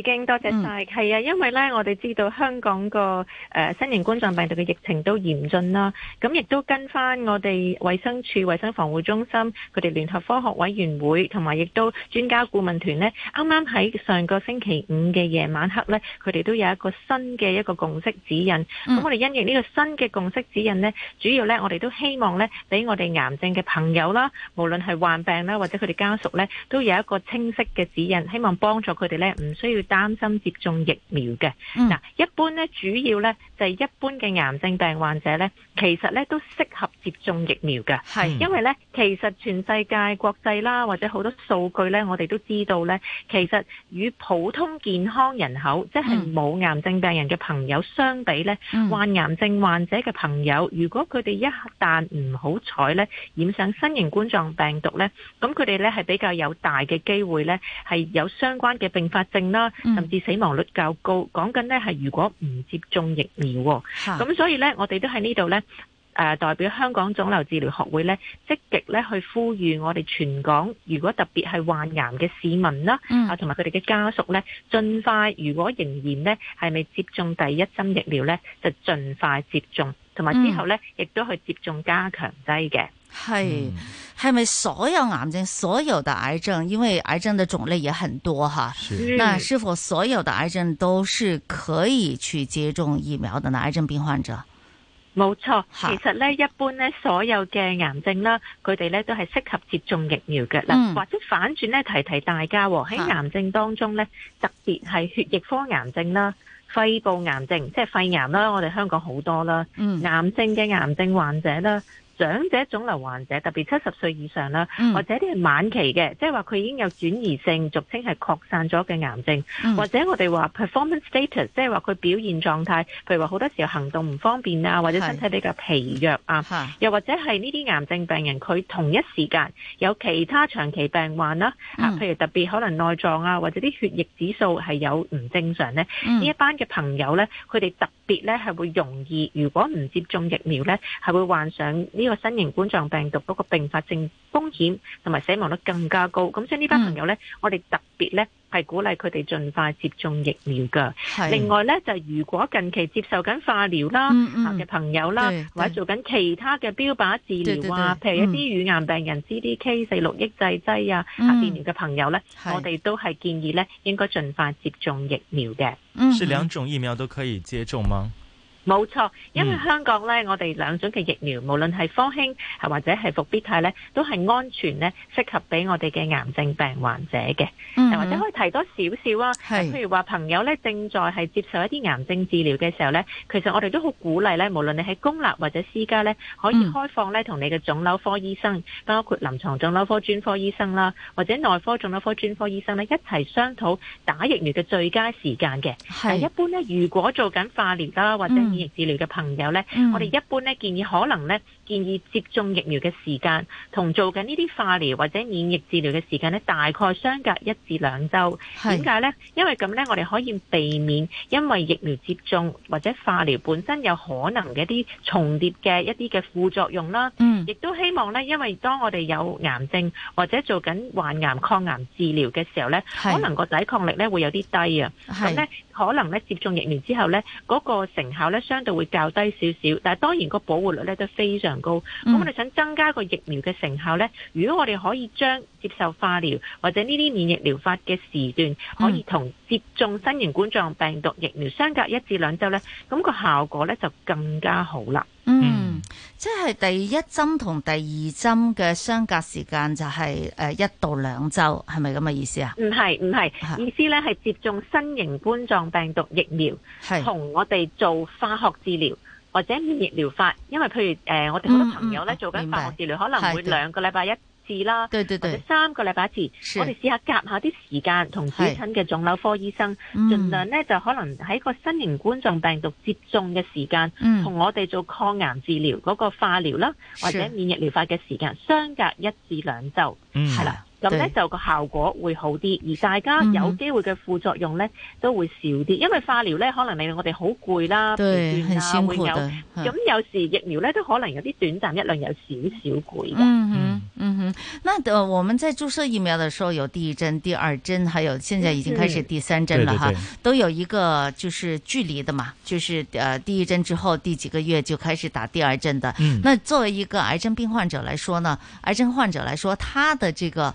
已經多謝曬，係啊，因為咧，我哋知道香港個誒新型冠狀病毒嘅疫情都嚴峻啦，咁亦都跟翻我哋衞生署衞生防護中心佢哋聯合科學委員會同埋亦都專家顧問團咧，啱啱喺上個星期五嘅夜晚黑咧，佢哋都有一個新嘅一個共識指引。咁我哋因應呢個新嘅共識指引咧，主要咧我哋都希望咧，俾我哋癌症嘅朋友啦，無論係患病啦或者佢哋家屬咧，都有一個清晰嘅指引，希望幫助佢哋咧，唔需要擔心接種疫苗嘅，嗱，嗯，一般咧主要咧。就係一般嘅癌症病患者咧，其實咧都適合接種疫苗嘅，係是因為咧，其實全世界國際啦，或者好多數據咧，我哋都知道咧，其實與普通健康人口，嗯、即係冇癌症病人嘅朋友相比咧，嗯、患癌症患者嘅朋友，如果佢哋一旦唔好彩咧染上新型冠狀病毒咧，咁佢哋咧係比較有大嘅機會咧係有相關嘅併發症啦，嗯、甚至死亡率較高。講緊咧係如果唔接種疫苗。咁、嗯、所以咧，我哋都喺呢度咧，誒、呃，代表香港腫瘤治療學會咧，積極咧去呼籲我哋全港，如果特別係患癌嘅市民啦，啊，同埋佢哋嘅家屬咧，盡快，如果仍然咧係未接種第一針疫苗咧，就盡快接種，同埋之後咧，亦、嗯、都去接種加強劑嘅。係係咪所有癌症？所有的癌症，因為癌症的種類也很多哈。是那是否所有的癌症都是可以去接種疫苗的呢？癌症病患者？冇錯，是其實咧，一般咧，所有嘅癌症啦，佢哋咧都係適合接種疫苗嘅。嗱、嗯，或者反轉咧，提提大家喺、哦、癌症當中咧，是特別係血液科癌症啦、肺部癌症，即係肺癌啦，我哋香港好多啦，嗯、癌症嘅癌症患者啦。長者、腫瘤患者，特別七十歲以上啦，嗯、或者啲係晚期嘅，即係話佢已經有轉移性，俗稱係擴散咗嘅癌症，嗯、或者我哋話 performance status，即係話佢表現狀態，譬如話好多時候行動唔方便啊，嗯、或者身體比較疲弱是啊，是又或者係呢啲癌症病人佢同一時間有其他長期病患啦、嗯啊，譬如特別可能內臟啊，或者啲血液指數係有唔正常呢。呢、嗯、一班嘅朋友呢，佢哋特別呢係會容易，如果唔接種疫苗呢，係會患上呢個新型冠狀病毒嗰個併發症風險同埋死亡率更加高，咁所以呢班朋友呢，嗯、我哋特別呢係鼓勵佢哋盡快接種疫苗噶。是另外呢，就如果近期接受緊化療啦嘅、嗯嗯、朋友啦，或者做緊其他嘅標靶治療啊，譬如一啲乳癌病人，C、嗯、D K 四六抑制劑啊，啊、嗯，呢邊嘅朋友呢，是我哋都係建議呢應該盡快接種疫苗嘅。是兩種疫苗都可以接種嗎？冇錯，因為香港咧，嗯、我哋兩種嘅疫苗，無論係科興或者係復必泰咧，都係安全咧，適合俾我哋嘅癌症病患者嘅。嗯，又或者可以提多少少啊？是譬如話朋友咧正在係接受一啲癌症治療嘅時候咧，其實我哋都好鼓勵咧，無論你喺公立或者私家咧，可以開放咧同、嗯、你嘅腫瘤科醫生，包括臨床腫瘤科專科醫生啦，或者內科腫瘤科專科醫生咧一齊商討打疫苗嘅最佳時間嘅。係是、啊，一般咧如果做緊化療啦、啊、或者、嗯。免疫、嗯、治療嘅朋友呢，我哋一般呢建議可能呢建議接種疫苗嘅時間同做緊呢啲化療或者免疫治療嘅時間呢大概相隔一至兩週。點解是呢？因為咁呢，我哋可以避免因為疫苗接種或者化療本身有可能嘅一啲重疊嘅一啲嘅副作用啦。亦、嗯、都希望呢，因為當我哋有癌症或者做緊患癌抗癌治療嘅時候呢，是可能個抵抗力呢會有啲低啊。咁是呢。可能咧接種疫苗之後咧，嗰、那個成效咧相對會較低少少，但係當然個保護率咧都非常高。咁、嗯、我哋想增加個疫苗嘅成效咧，如果我哋可以將接受化療或者呢啲免疫療法嘅時段，可以同接種新型冠狀病毒疫苗相隔一至兩週咧，咁、那個效果咧就更加好啦。嗯。嗯。即係第一針同第二針嘅相隔時間就係誒一到兩週，係咪咁嘅意思啊？唔係唔係，意思咧係接種新型冠狀病毒疫苗，係，同我哋做化學治療或者免疫療法，因為譬如誒我哋好多朋友咧做緊化學治療，可能會兩個禮拜一字啦，對對對，或者三個禮拜一次，是我哋試，試夾一下夾下啲時間同主診嘅腫瘤科醫生，盡、嗯、量呢就可能喺個新型冠狀病毒接種嘅時間，同、嗯、我哋做抗癌治療嗰個化療啦，是或者免疫療法嘅時間相隔一至兩周，係啦的。咁呢對就個效果會好啲，而大家有機會嘅副作用呢、嗯、哼都會少啲，因為化療呢可能令我哋好攰啦，對疲倦啊會有。咁有時疫苗呢都可能有啲短暫一兩有少少攰㗎。嗯哼，嗯哼，嗯哼。那呃我們在注射疫苗的時候，有第一針、第二針，還有現在已經開始第三針了哈，嗯、都有一個就是距離的嘛，就是呃第一針之後、嗯、第幾個月就開始打第二針的。嗯。那作為一個癌症病患者來說呢，癌症患者來說，他的這個。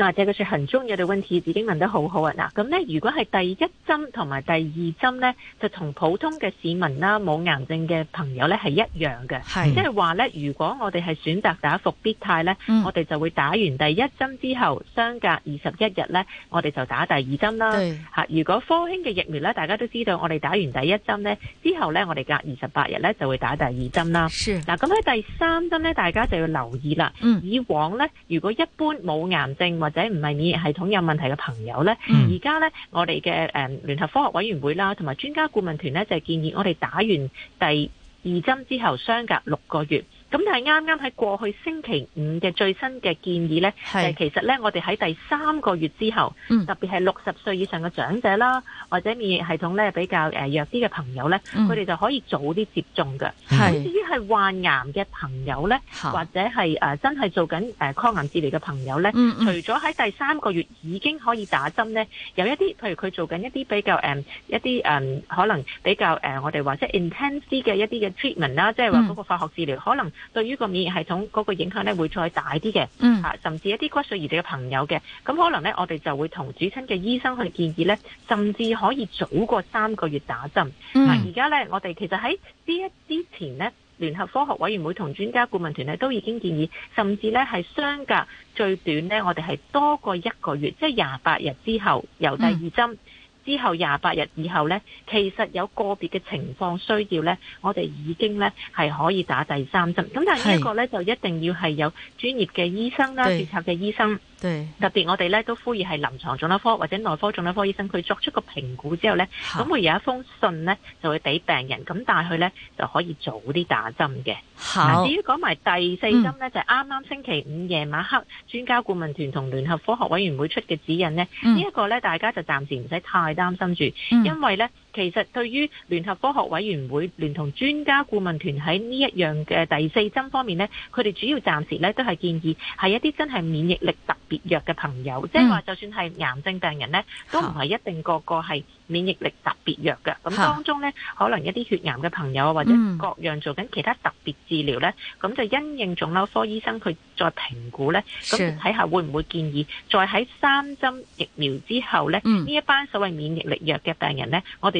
嗱、啊，這個説很中業專業的問題已經問得好好啊！嗱、啊，咁呢，如果係第一針同埋第二針呢，就同普通嘅市民啦，冇癌症嘅朋友呢係一樣嘅，是即係話呢，如果我哋係選擇打復必泰呢，嗯、我哋就會打完第一針之後，相隔二十一日呢，我哋就打第二針啦對、啊。如果科興嘅疫苗呢，大家都知道，我哋打完第一針呢之後呢，我哋隔二十八日呢就會打第二針啦。嗱是，咁喺、啊、第三針呢，大家就要留意啦。嗯、以往呢，如果一般冇癌症或者唔係免疫系統有問題嘅朋友咧，而家咧我哋嘅誒聯合科學委員會啦，同埋專家顧問團咧，就建議我哋打完第二針之後，相隔六個月。咁但係啱啱喺過去星期五嘅最新嘅建議咧，是其實咧，我哋喺第三個月之後，嗯、特別係六十歲以上嘅長者啦，或者免疫系統咧比較、呃、弱啲嘅朋友咧，佢哋、嗯、就可以早啲接種嘅。係。是至於係患癌嘅朋友咧，是或者係、呃、真係做緊抗癌治療嘅朋友咧，嗯、除咗喺第三個月已經可以打針咧，有一啲譬如佢做緊一啲比較、呃、一啲、呃、可能比較、呃、我哋話即係 intensive 嘅一啲嘅 treatment 啦，即係話嗰個化學治療、嗯、可能。對於個免疫系統嗰個影響咧，會再大啲嘅，嚇、嗯，甚至一啲骨髓移植嘅朋友嘅，咁可能咧，我哋就會同主診嘅醫生去建議咧，甚至可以早過三個月打針。嗱、嗯，而家咧，我哋其實喺呢一之前咧，聯合科學委員會同專家顧問團咧，都已經建議，甚至咧係相隔最短咧，我哋係多過一個月，即係廿八日之後，由第二針。嗯。之後廿八日以後呢，其實有個別嘅情況需要呢，我哋已經呢係可以打第三針。咁但係呢個呢，就一定要係有專業嘅醫生啦，註冊嘅醫生。是對 特別我哋咧都呼籲係臨床腫瘤科或者內科腫瘤科醫生，佢作出個評估之後咧，咁會好 有一封信咧，就會俾病人。咁但係佢咧就可以早啲打針嘅。好 至於講埋第四針咧，嗯、就係啱啱星期五夜晚黑，專家顧問團同聯合科學委員會出嘅指引咧，嗯、呢一個咧大家就暫時唔使太擔心住，嗯、因為咧。其實對於聯合科學委員會聯同專家顧問團喺呢一樣嘅第四針方面呢，佢哋主要暫時呢都係建議係一啲真係免疫力特別弱嘅朋友，嗯、即係話就算係癌症病人呢，都唔係一定個個係免疫力特別弱嘅。咁、嗯、當中呢，嗯、可能一啲血癌嘅朋友啊，或者各樣做緊其他特別治療呢，咁、嗯、就因應腫瘤科醫生佢再評估呢，咁睇是下會唔會建議再喺三針疫苗之後呢，呢一、嗯、班所謂免疫力弱嘅病人呢。我哋。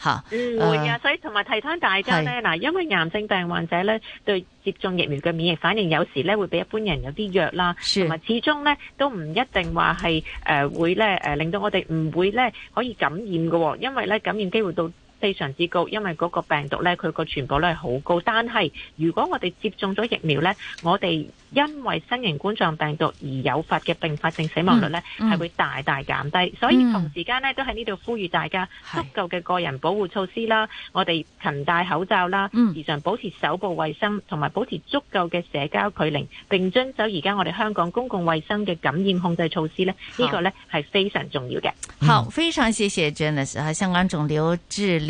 吓，嗯，唔會㗎，所以同埋提醒大家咧，嗱是，因為癌症病患者咧，對接種疫苗嘅免疫反應有時咧會比一般人有啲弱啦，同埋是始終咧都唔一定話係誒會咧誒令到我哋唔會咧可以感染㗎喎，因為咧感染機會到非常之高，因為嗰個病毒咧，佢個傳播率係好高。但係如果我哋接種咗疫苗咧，我哋因為新型冠狀病毒而誘發嘅併發性死亡率咧，係、嗯、會大大減低。嗯、所以同時間咧，嗯、都喺呢度呼籲大家足夠嘅個人保護措施啦，是我哋勤戴口罩啦，時常、嗯、保持手部衛生，同埋保持足夠嘅社交距離，並遵守而家我哋香港公共衛生嘅感染控制措施咧，好個呢個咧係非常重要嘅。好，嗯、非常謝謝，Janice 啊，香港腫瘤治療